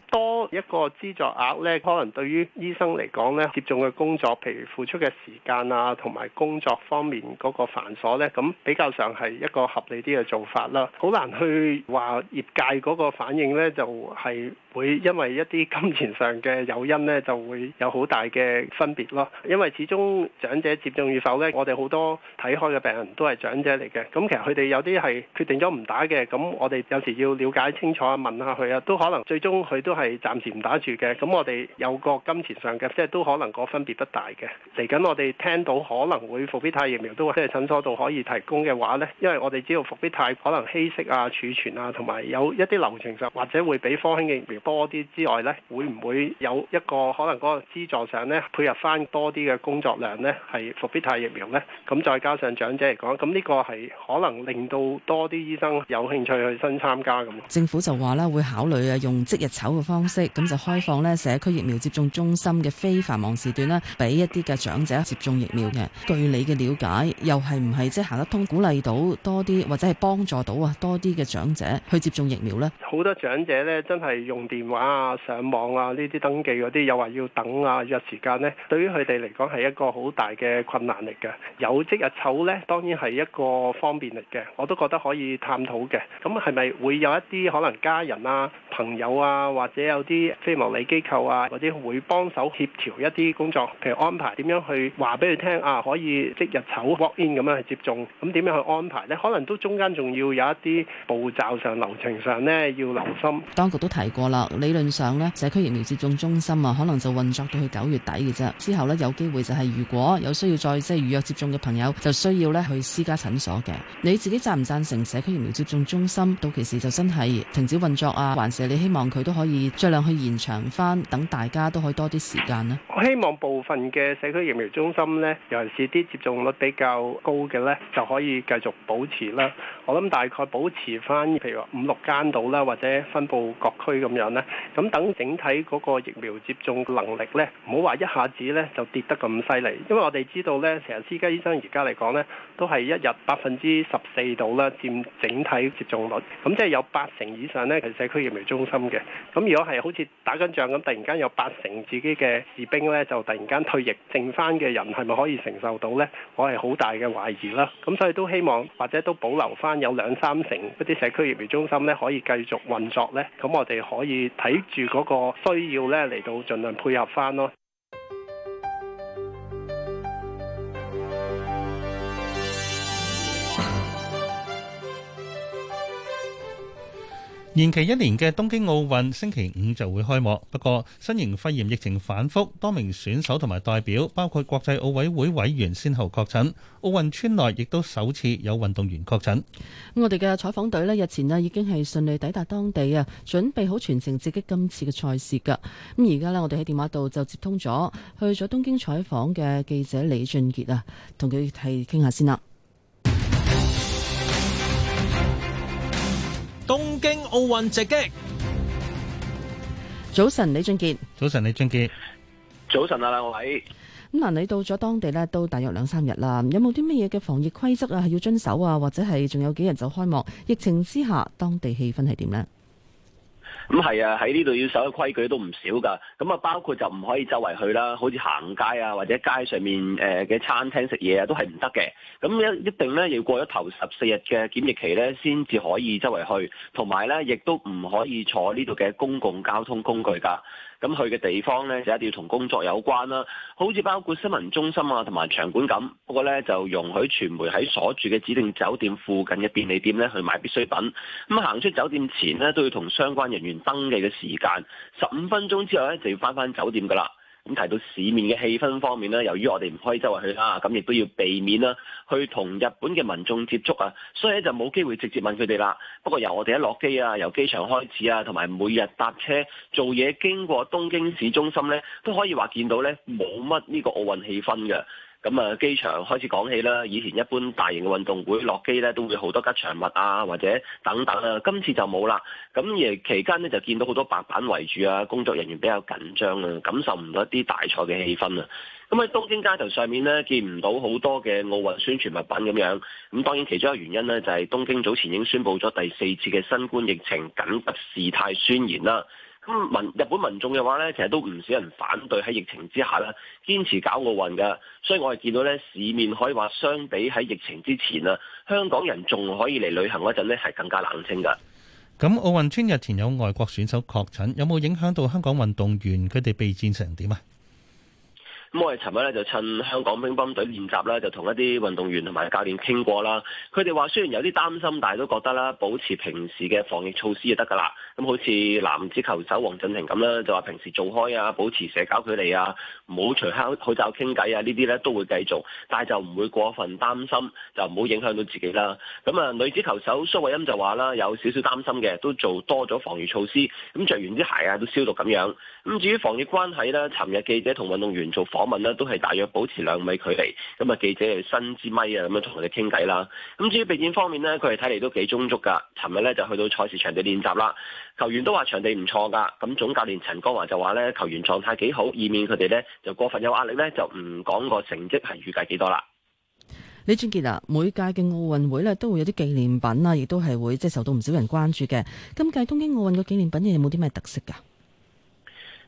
一個資助額咧，可能對於醫生嚟講咧，接種嘅工作，譬如付出嘅時間啊，同埋工作方面嗰個繁瑣咧，咁比較上係一個合理啲嘅做法啦。好難去話業界嗰個反應咧，就係會因為一啲金錢上嘅誘因咧，就會有好大嘅分別咯。因為始終長者接種與否咧，我哋好多睇開嘅病人都係長者嚟嘅。咁其實佢哋有啲係決定咗唔打嘅，咁我哋有時要了解清楚啊，問下佢啊，都可能最終佢都係暫時唔打住嘅，咁我哋有個金錢上嘅，即係都可能個分別不大嘅。嚟緊我哋聽到可能會復必泰疫苗都即係診所度可以提供嘅話咧，因為我哋知道復必泰可能稀釋啊、儲存啊，同埋有一啲流程上或者會比科興疫苗多啲之外咧，會唔會有一個可能嗰個資助上咧，配合翻多啲嘅工作量咧，係復必泰疫苗咧？咁再加上長者嚟講，咁呢個係可能令到多啲醫生有興趣去新參加咁。政府就話咧，會考慮啊，用即日籌嘅方式。咁就開放咧社區疫苗接種中心嘅非繁忙時段咧，俾一啲嘅長者接種疫苗嘅。據你嘅了解，又係唔係即係行得通，鼓勵到多啲，或者係幫助到啊多啲嘅長者去接種疫苗咧？好多長者咧，真係用電話啊、上網啊呢啲登記嗰啲，又話要等啊約時間咧，對於佢哋嚟講係一個好大嘅困難嚟嘅。有即日籌咧，當然係一個方便嚟嘅，我都覺得可以探討嘅。咁係咪會有一啲可能家人啊、朋友啊，或者有啲？啲非牟利機構啊，或者會幫手協調一啲工作，譬如安排點樣去話俾佢聽啊，可以即日早 walk in 咁樣去接種，咁點樣去安排呢？可能都中間仲要有一啲步驟上、流程上呢，要留心。當局都提過啦，理論上呢，社區疫苗接種中心啊，可能就運作到去九月底嘅啫。之後呢，有機會就係、是、如果有需要再即係預約接種嘅朋友，就需要呢去私家診所嘅。你自己贊唔贊成社區疫苗接種中心到期時就真係停止運作啊？還是你希望佢都可以再？等去延長翻，等大家都可以多啲時間咧。我希望部分嘅社區疫苗中心呢，尤其是啲接種率比較高嘅呢，就可以繼續保持啦。我諗大概保持翻，譬如話五六間度啦，或者分佈各區咁樣咧。咁等整體嗰個疫苗接種能力呢，唔好話一下子呢就跌得咁犀利。因為我哋知道呢，成日私家醫生而家嚟講呢，都係一日百分之十四度啦，佔整體接種率。咁即係有八成以上呢，係社區疫苗中心嘅。咁如果係，好似打緊仗咁，突然間有八成自己嘅士兵咧，就突然間退役，剩翻嘅人係咪可以承受到呢？我係好大嘅懷疑啦。咁所以都希望或者都保留翻有兩三成嗰啲社區疫苗中心咧，可以繼續運作呢。咁我哋可以睇住嗰個需要咧嚟到盡量配合翻咯。延期一年嘅東京奧運星期五就會開幕，不過新型肺炎疫情反覆多名選手同埋代表，包括國際奧委會委員，先後確診，奧運村內亦都首次有運動員確診。我哋嘅採訪隊咧，日前啊已經係順利抵達當地啊，準備好全程直擊今次嘅賽事噶。咁而家咧，我哋喺電話度就接通咗去咗東京採訪嘅記者李俊杰啊，同佢係傾下先啦。東京奧運直擊。早晨，李俊杰。早晨，李俊杰。早晨啊，兩位咁，嗱，你到咗當地咧，都大約兩三日啦。有冇啲乜嘢嘅防疫規則啊？係要遵守啊？或者係仲有幾日就開幕？疫情之下，當地氣氛係點呢？咁係、嗯、啊，喺呢度要守嘅規矩都唔少噶。咁、嗯、啊，包括就唔可以周圍去啦，好似行街啊，或者街上面誒嘅餐廳食嘢啊，都係唔得嘅。咁、嗯、一一定咧，要過咗頭十四日嘅檢疫期咧，先至可以周圍去。同埋咧，亦都唔可以坐呢度嘅公共交通工具噶。咁去嘅地方咧，就一定要同工作有關啦，好似包括新聞中心啊，同埋場館咁。不過咧，就容許傳媒喺所住嘅指定酒店附近嘅便利店咧，去買必需品。咁行出酒店前咧，都要同相關人員登記嘅時間，十五分鐘之後咧，就要返返酒店㗎啦。咁提到市面嘅氣氛方面咧，由於我哋唔可以周圍去啦，咁亦都要避免啦，去同日本嘅民眾接觸啊，所以咧就冇機會直接問佢哋啦。不過由我哋一落機啊，由機場開始啊，同埋每日搭車做嘢經過東京市中心咧，都可以話見到咧，冇乜呢個奧運氣氛嘅。咁啊，機場開始講起啦。以前一般大型嘅運動會落機咧都會好多吉祥物啊，或者等等啊，今次就冇啦。咁而期間咧就見到好多白板圍住啊，工作人員比較緊張啊，感受唔到一啲大賽嘅氣氛啊。咁喺東京街頭上面咧，見唔到好多嘅奧運宣傳物品咁樣。咁當然其中一個原因咧，就係東京早前已經宣佈咗第四次嘅新冠疫情緊急事態宣言啦，啊。咁民日本民眾嘅話呢，其實都唔少人反對喺疫情之下呢，堅持搞奧運㗎，所以我係見到呢，市面可以話相比喺疫情之前啊，香港人仲可以嚟旅行嗰陣呢，係更加冷清㗎。咁奧運村日前有外國選手確診，有冇影響到香港運動員佢哋備戰成點啊？咁我哋尋日咧就趁香港乒乓隊練習咧，就同一啲運動員同埋教練傾過啦。佢哋話雖然有啲擔心，但係都覺得啦，保持平時嘅防疫措施就得㗎啦。咁好似男子球手王振廷咁啦，就話平時做開啊，保持社交距離啊，唔好除口罩傾偈啊，呢啲咧都會繼續，但係就唔會過分擔心，就唔好影響到自己啦。咁啊，女子球手蘇慧欣就話啦，有少少擔心嘅，都做多咗防疫措施，咁着完啲鞋啊都消毒咁樣。咁至於防疫關係咧，尋日記者同運動員做防訪問呢都係大約保持兩米距離，咁啊記者係伸支咪啊咁樣同佢哋傾偈啦。咁至於備戰方面呢，佢哋睇嚟都幾充足噶。尋日呢，就去到賽事場地練習啦，球員都話場地唔錯噶。咁總教練陳江華就話呢，球員狀態幾好，以免佢哋呢就過分有壓力呢就唔講個成績係預計幾多啦。李俊傑啊，每屆嘅奧運會呢都會有啲紀念品啊，亦都係會即係、就是、受到唔少人關注嘅。今屆東京奧運嘅紀念品有冇啲咩特色噶？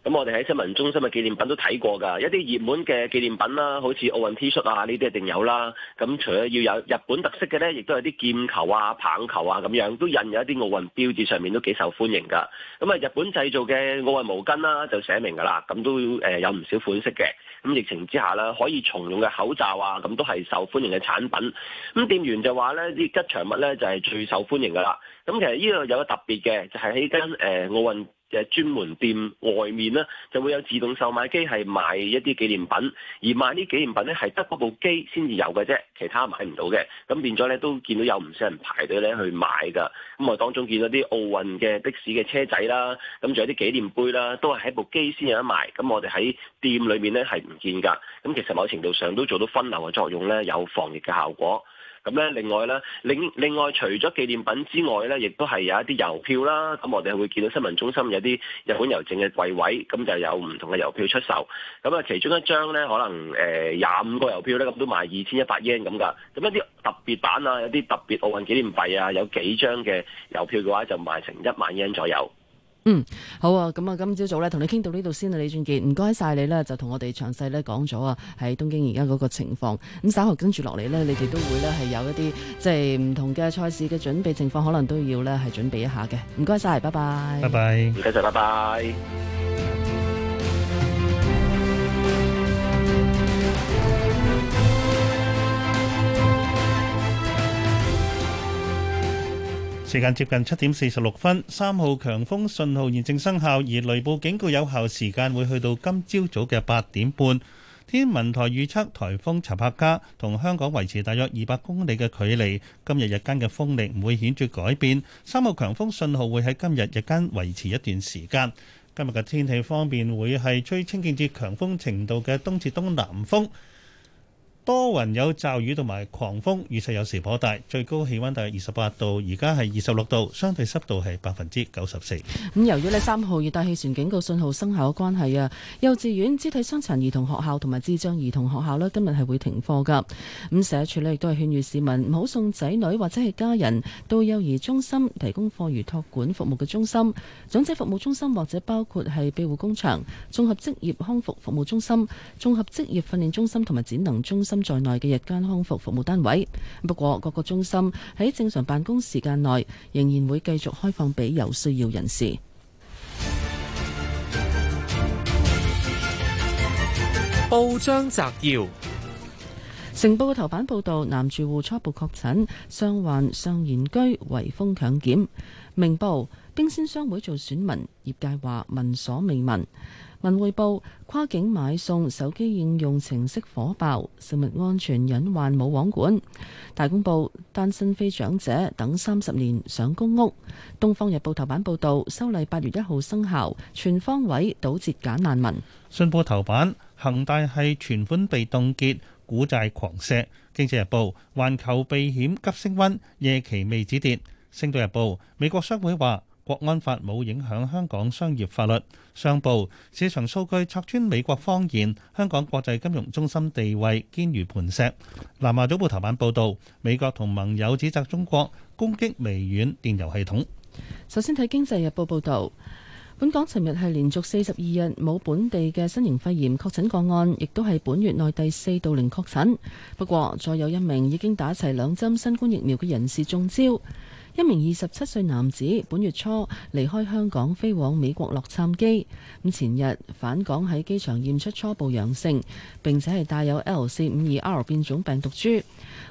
咁我哋喺新聞中心嘅紀念品都睇過㗎，一啲熱門嘅紀念品啦，好似奧運 T 恤啊呢啲一定有啦。咁除咗要有日本特色嘅咧，亦都有啲劍球啊、棒球啊咁樣，都印有一啲奧運標誌，上面都幾受歡迎㗎。咁啊，日本製造嘅奧運毛巾啦、啊，就寫明㗎啦。咁都誒、呃、有唔少款式嘅。咁疫情之下咧，可以重用嘅口罩啊，咁都係受歡迎嘅產品。咁店員就話咧，啲吉祥物咧就係、是、最受歡迎㗎啦。咁其實呢度有個特別嘅，就係喺跟誒奧運。就係專門店外面咧，就會有自動售賣機係賣一啲紀念品，而賣呢啲紀念品咧係得嗰部機先至有嘅啫，其他買唔到嘅。咁變咗咧都見到有唔少人排隊咧去買㗎。咁我當中見到啲奧運嘅的、的士嘅車仔啦，咁仲有啲紀念杯啦，都係喺部機先有得賣。咁我哋喺店裏面咧係唔見㗎。咁其實某程度上都做到分流嘅作用咧，有防疫嘅效果。咁咧，另外咧，另另外除咗紀念品之外咧，亦都係有一啲郵票啦。咁我哋係會見到新聞中心有啲日本郵政嘅櫃位，咁就有唔同嘅郵票出售。咁啊，其中一張咧，可能誒廿五個郵票咧，咁都賣二千一百日圓咁㗎。咁一啲特別版啊，有啲特別奧運紀念幣啊，有幾張嘅郵票嘅話，就賣成一萬日圓左右。嗯，好啊，咁啊，今朝早咧，同你傾到呢度先啊。李俊杰，唔該晒你咧，就同我哋詳細咧講咗啊，喺東京而家嗰個情況，咁稍後跟住落嚟呢，你哋都會咧係有一啲即係唔同嘅賽事嘅準備情況，可能都要咧係準備一下嘅。唔該晒，拜拜，拜拜，唔該晒，拜拜。拜拜。時間接近七點四十六分，三號強風信號現正生效，而雷暴警告有效時間會去到今朝早嘅八點半。天文台預測颱風查帕卡同香港維持大約二百公里嘅距離。今日日間嘅風力唔會顯著改變，三號強風信號會喺今日日間維持一段時間。今日嘅天氣方面會係吹清勁至強風程度嘅東至東南風。多雲有驟雨同埋狂風，雨勢有時頗大，最高氣溫大約二十八度，而家係二十六度，相對濕度係百分之九十四。咁、嗯、由於咧三號熱帶氣旋警告信號生效嘅關係啊，幼稚園肢體傷殘兒童學校同埋智障兒童學校咧，今日係會停課，㗎、嗯。咁社署咧亦都係勸喻市民唔好送仔女或者係家人到幼兒中心提供課餘託管服務嘅中心、長者服務中心或者包括係庇護工場，綜合職業康復服務中心、綜合職業訓練中心同埋展能中心。在內嘅日間康復服務單位，不過各個中心喺正常辦公時間內，仍然會繼續開放俾有需要人士。報章摘要：《成報》嘅頭版報道男住戶初步確診，上環尚賢居圍封強檢。明報冰鮮商會做選民，業界話聞所未聞。文匯報，跨境買送手機應用程式火爆，食物安全隱患冇網管。大公報，單身非長者等三十年上公屋。東方日報頭版報道修例八月一號生效，全方位堵截假難民。信報頭版恒大系，存款被凍結，股債狂瀉。經濟日報，環球避險急升温，夜期未止跌。星島日報，美國商會話。國安法冇影響香港商業法律，上報市場數據拆穿美國謊言，香港國際金融中心地位堅如磐石。南華早報頭版報道，美國同盟友指責中國攻擊微軟電郵系統。首先睇經濟日報報道，本港尋日係連續四十二日冇本地嘅新型肺炎確診個案，亦都係本月內第四度零確診。不過，再有一名已經打齊兩針新冠疫苗嘅人士中招。一名二十七歲男子本月初離開香港飛往美國洛杉磯，咁前日返港喺機場驗出初步陽性，並且係帶有 L 四五二 R 變種病毒株。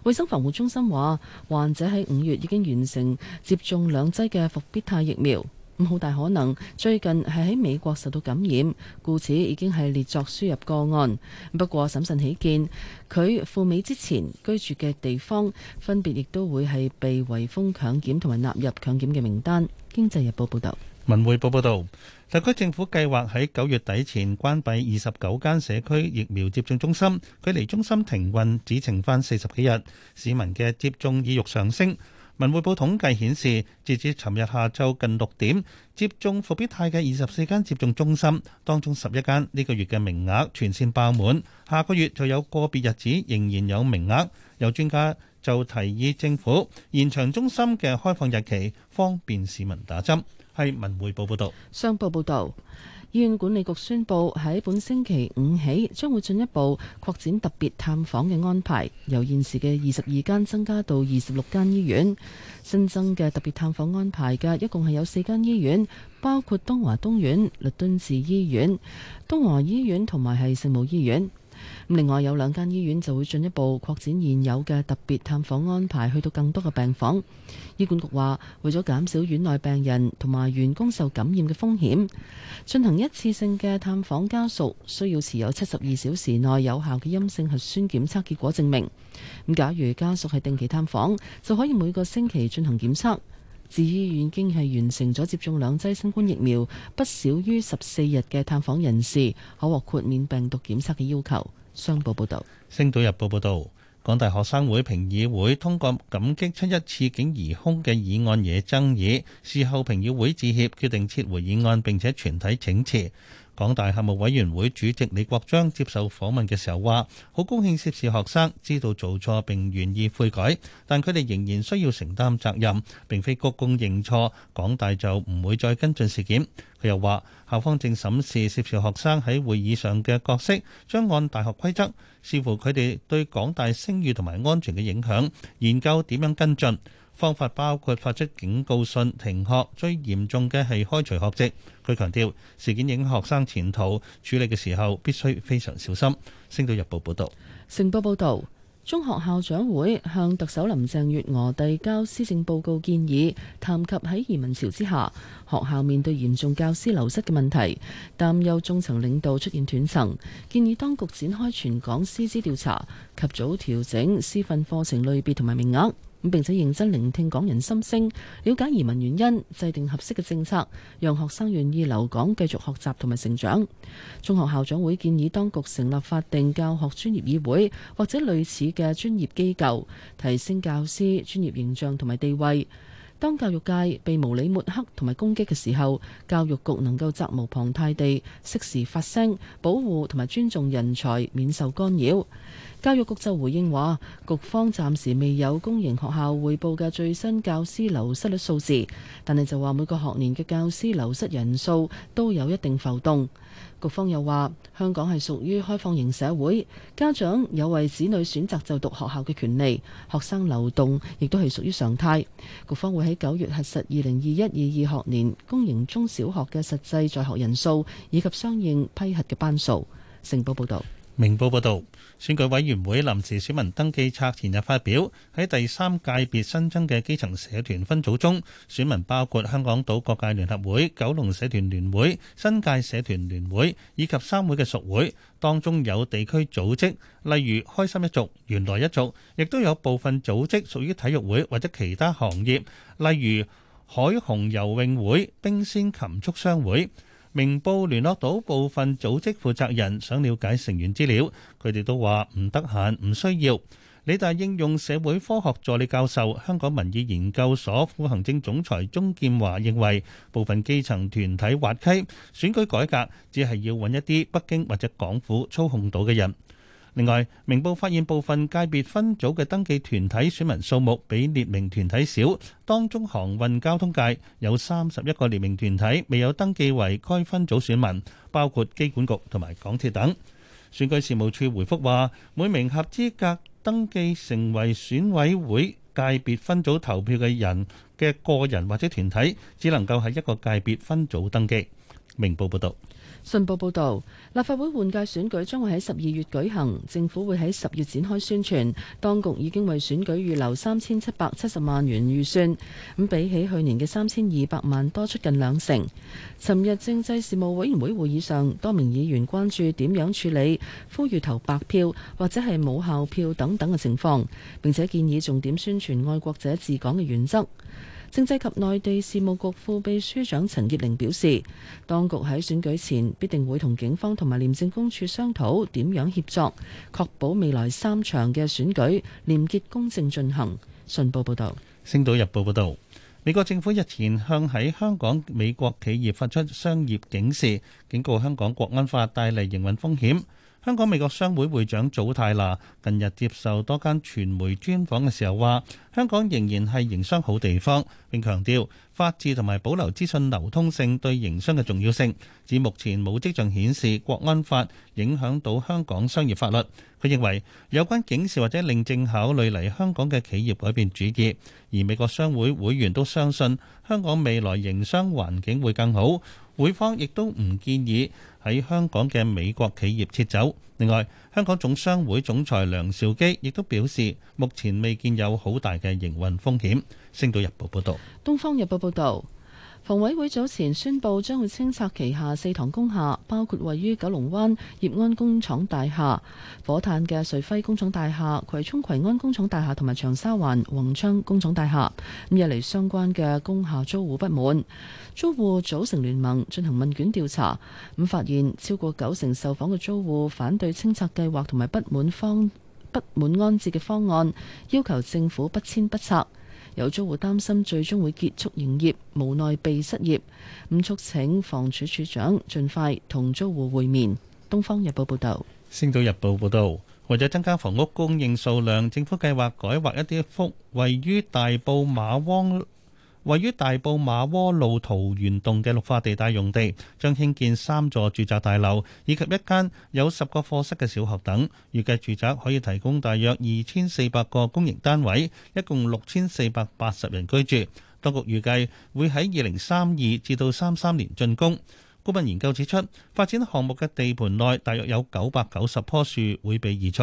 衛生防護中心話，患者喺五月已經完成接種兩劑嘅伏必泰疫苗。咁好大可能，最近係喺美國受到感染，故此已經係列作輸入個案。不過審慎起見，佢赴美之前居住嘅地方，分別亦都會係被圍封強檢同埋納入強檢嘅名單。經濟日報報道，文匯報報道，特區政府計劃喺九月底前關閉二十九間社區疫苗接種中心，距離中心停運只剩翻四十幾日，市民嘅接種意欲上升。文匯報統計顯示，截至尋日下晝近六點，接種復必泰嘅二十四間接種中心當中，十一間呢個月嘅名額全線爆滿，下個月就有個別日子仍然有名額。有專家就提議政府延長中心嘅開放日期，方便市民打針。係文匯報報道，商報報道。醫院管理局宣布喺本星期五起，將會進一步擴展特別探訪嘅安排，由現時嘅二十二間增加到二十六間醫院。新增嘅特別探訪安排嘅一共係有四間醫院，包括東華東院、律敦治醫院、東華醫院同埋係聖母醫院。另外有兩間醫院就會進一步擴展現有嘅特別探訪安排，去到更多嘅病房。醫管局話，為咗減少院內病人同埋員工受感染嘅風險，進行一次性嘅探訪家屬，需要持有七十二小時內有效嘅陰性核酸檢測結果證明。咁假如家屬係定期探訪，就可以每個星期進行檢測。至於已經係完成咗接種兩劑新冠疫苗，不少於十四日嘅探訪人士，可獲豁免病毒檢測嘅要求。商報報導，《星島日報》報道，港大學生會評議會通過感激出一次境而空嘅議案惹爭議，事後評議會致歉，決定撤回議案並且全體請辭。港大校務委員會主席李國章接受訪問嘅時候話，好高興涉事學生知道做錯並願意悔改，但佢哋仍然需要承擔責任，並非鞠躬認錯。港大就唔會再跟進事件。佢又話，校方正審視涉事學生喺會議上嘅角色，將按大學規則視乎佢哋對港大聲譽同埋安全嘅影響，研究點樣跟進。方法包括發出警告信、停學，最嚴重嘅係開除學籍。佢強調事件影響學生前途，處理嘅時候必須非常小心。星島日報報道。成報報道，中學校長會向特首林鄭月娥遞交施政報告建議，談及喺移民潮之下，學校面對嚴重教師流失嘅問題，擔憂中層領導出現斷層，建議當局展開全港師資調查，及早調整師訓課程類別同埋名額。並且認真聆聽港人心聲，了解移民原因，制定合適嘅政策，讓學生願意留港繼續學習同埋成長。中學校長會建議當局成立法定教學專業議會或者類似嘅專業機構，提升教師專業形象同埋地位。當教育界被無理抹黑同埋攻擊嘅時候，教育局能夠責無旁貸地適時發聲，保護同埋尊重人才，免受干擾。教育局就回應話，局方暫時未有公營學校匯報嘅最新教師流失率數字，但係就話每個學年嘅教師流失人數都有一定浮動。局方又話，香港係屬於開放型社會，家長有為子女選擇就讀學校嘅權利，學生流動亦都係屬於常態。局方會喺九月核實二零二一、二二學年公營中小學嘅實際在學人數以及相應批核嘅班數。成報報道。明報報導，選舉委員會臨時選民登記冊前日發表，喺第三界別新增嘅基層社團分組中，選民包括香港島各界聯合會、九龍社團聯會、新界社團聯會以及三會嘅屬會，當中有地區組織，例如開心一族、原來一族，亦都有部分組織屬於體育會或者其他行業，例如海虹游泳會、冰鮮禽畜商會。明報聯絡到部分組織負責人想了解成員資料，佢哋都話唔得閒唔需要。理大應用社會科學助理教授，香港民意研究所副行政總裁鍾建華認為部分基層團體滑稽，選舉改革只係要搵一啲北京或者港府操控到嘅人。另外，明報發現部分界別分組嘅登記團體選民數目比列明團體少，當中航運交通界有三十一個列明團體未有登記為該分組選民，包括機管局同埋港鐵等。選舉事務處回覆話，每名合資格登記成為選委會界別分組投票嘅人嘅個人或者團體，只能夠喺一個界別分組登記。明報報道。信報報導，立法會換屆選舉將會喺十二月舉行，政府會喺十月展開宣傳。當局已經為選舉預留三千七百七十萬元預算，咁比起去年嘅三千二百萬多出近兩成。尋日政制事務委員會會議上，多名議員關注點樣處理呼籲投白票或者係冇效票等等嘅情況，並且建議重點宣傳愛國者治港嘅原則。政制及內地事務局副秘書長陳潔玲表示，當局喺選舉前必定會同警方同埋廉政公署商討點樣協作，確保未來三場嘅選舉廉潔公正進行。信報報道。《星島日報》報道，美國政府日前向喺香港美國企業發出商業警示，警告香港國安法帶嚟營運風險。香港美國商會會長祖泰娜近日接受多間傳媒專訪嘅時候話：香港仍然係營商好地方，並強調，法治同埋保留資訊流通性對營商嘅重要性，至目前冇跡象顯示國安法影響到香港商業法律。佢認為有關警示或者令正考慮嚟香港嘅企業改變主意，而美國商會會員都相信香港未來營商環境會更好。會方亦都唔建議喺香港嘅美國企業撤走。另外。香港總商會總裁梁兆基亦都表示，目前未見有好大嘅營運風險。星島日報報道，東方日報報道。房委會早前宣布將會清拆旗下四幢工廈，包括位於九龍灣葉安工廠大廈、火炭嘅瑞輝工廠大廈、葵涌葵安工廠大廈同埋長沙灣宏昌工廠大廈。咁引嚟相關嘅工廈租戶不滿，租戶組成聯盟進行問卷調查，咁發現超過九成受訪嘅租戶反對清拆計劃同埋不滿方不滿安置嘅方案，要求政府不遷不拆。有租戶擔心最終會結束營業，無奈被失業，咁促請房署署長盡快同租戶會面。《東方日報》報導，《星島日報》報導，為咗增加房屋供應數量，政府計劃改劃一啲幅位於大埔馬窩。位於大埔馬窩路桃源洞嘅綠化地帶用地，將興建三座住宅大樓以及一間有十個課室嘅小學等。預計住宅可以提供大約二千四百個公營單位，一共六千四百八十人居住。當局預計會喺二零三二至到三三年竣工。顧問研究指出，發展項目嘅地盤內大約有九百九十棵樹會被移除。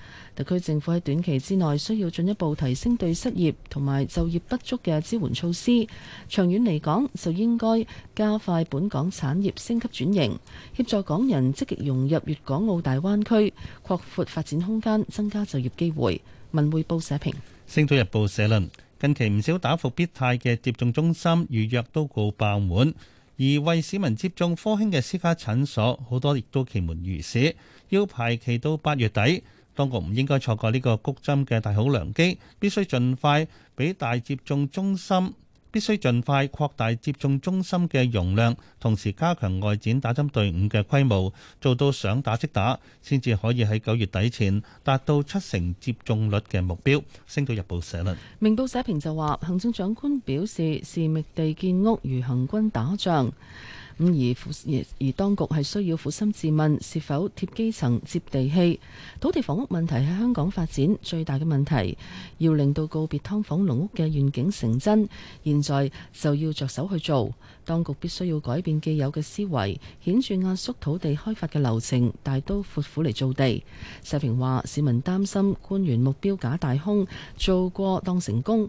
特區政府喺短期之內需要進一步提升對失業同埋就業不足嘅支援措施。長遠嚟講，就應該加快本港產業升級轉型，協助港人積極融入粵港澳大灣區，擴闊發展空間，增加就業機會。文匯報社評，《星島日報》社論：近期唔少打復必泰嘅接種中心預約都告爆滿，而為市民接種科興嘅私家診所好多亦都其門如市，要排期到八月底。當局唔應該錯過呢個谷針嘅大好良機，必須盡快俾大接種中心，必須盡快擴大接種中心嘅容量，同時加強外展打針隊伍嘅規模，做到想打即打，先至可以喺九月底前達到七成接種率嘅目標。星島日報社論。明報社評就話，行政長官表示，覓地建屋如行軍打仗。而而而當局係需要負心自問，是否貼基層接地氣。土地房屋問題係香港發展最大嘅問題，要令到告別劏房籠屋嘅願景成真，現在就要着手去做。當局必須要改變既有嘅思維，顯著壓縮土地開發嘅流程，大刀闊斧嚟造地。石平話：市民擔心官員目標假大空，做過當成功。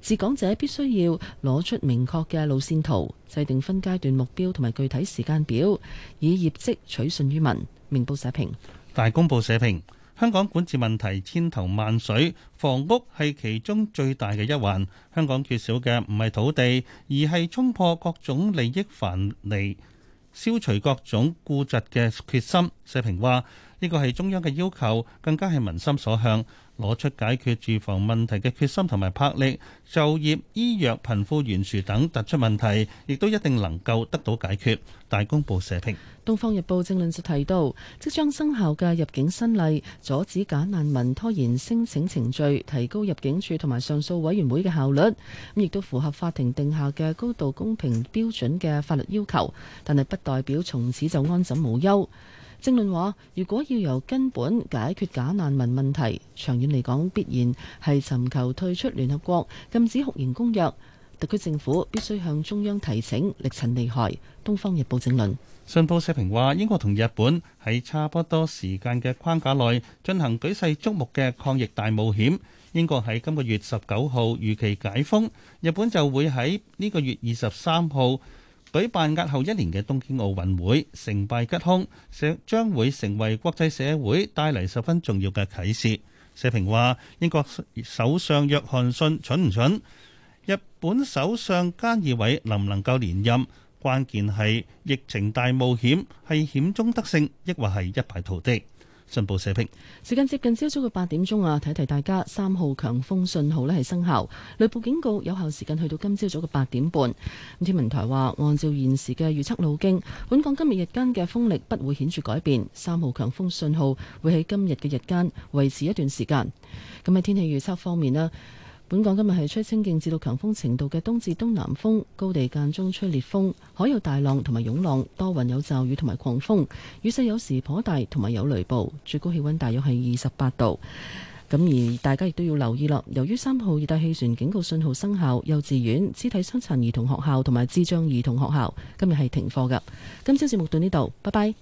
治港者必須要攞出明確嘅路線圖，制定分階段目標同埋具體時間表，以業績取信於民。明報社評。大公報社評：香港管治問題千頭萬緒，房屋係其中最大嘅一環。香港缺少嘅唔係土地，而係沖破各種利益藩籬、消除各種固執嘅決心。社評話呢個係中央嘅要求，更加係民心所向。攞出解決住房問題嘅決心同埋魄力，就業、醫藥、貧富懸殊等突出問題，亦都一定能夠得到解決。大公報社評。《東方日報正論》就提到，即將生效嘅入境新例，阻止假難民拖延申請程序，提高入境處同埋上訴委員會嘅效率，咁亦都符合法庭定下嘅高度公平標準嘅法律要求。但係，不代表從此就安枕無憂。政論話：如果要由根本解決假難民問題，長遠嚟講必然係尋求退出聯合國禁止酷刑公約。特區政府必須向中央提請力陳利害。《東方日報》政論。信報社評話：英國同日本喺差不多時間嘅框架內進行舉世矚目嘅抗疫大冒險。英國喺今個月十九號預期解封，日本就會喺呢個月二十三號。舉辦押後一年嘅東京奧運會，成敗吉凶，將會成為國際社會帶嚟十分重要嘅啟示。社評話：英國首相約翰遜蠢唔蠢？日本首相菅義偉能唔能夠連任？關鍵係疫情大冒險，係險中得勝，抑或係一敗塗地。進步社評，時間接近朝早嘅八點鐘啊，提提大家，三號強風信號呢係生效，雷暴警告有效時間去到今朝早嘅八點半。天文台話，按照現時嘅預測路徑，本港今日日間嘅風力不會顯著改變，三號強風信號會喺今日嘅日間維持一段時間。咁喺天氣預測方面呢。本港今日係吹清勁至到強風程度嘅東至東南風，高地間中吹烈風，海有大浪同埋湧浪，多雲有驟雨同埋狂風，雨勢有時頗大，同埋有雷暴，最高氣溫大約係二十八度。咁而大家亦都要留意啦，由於三號熱帶氣旋警告信號生效，幼稚園、肢體傷殘兒童學校同埋智障兒童學校今日係停課噶。今朝節目到呢度，拜拜。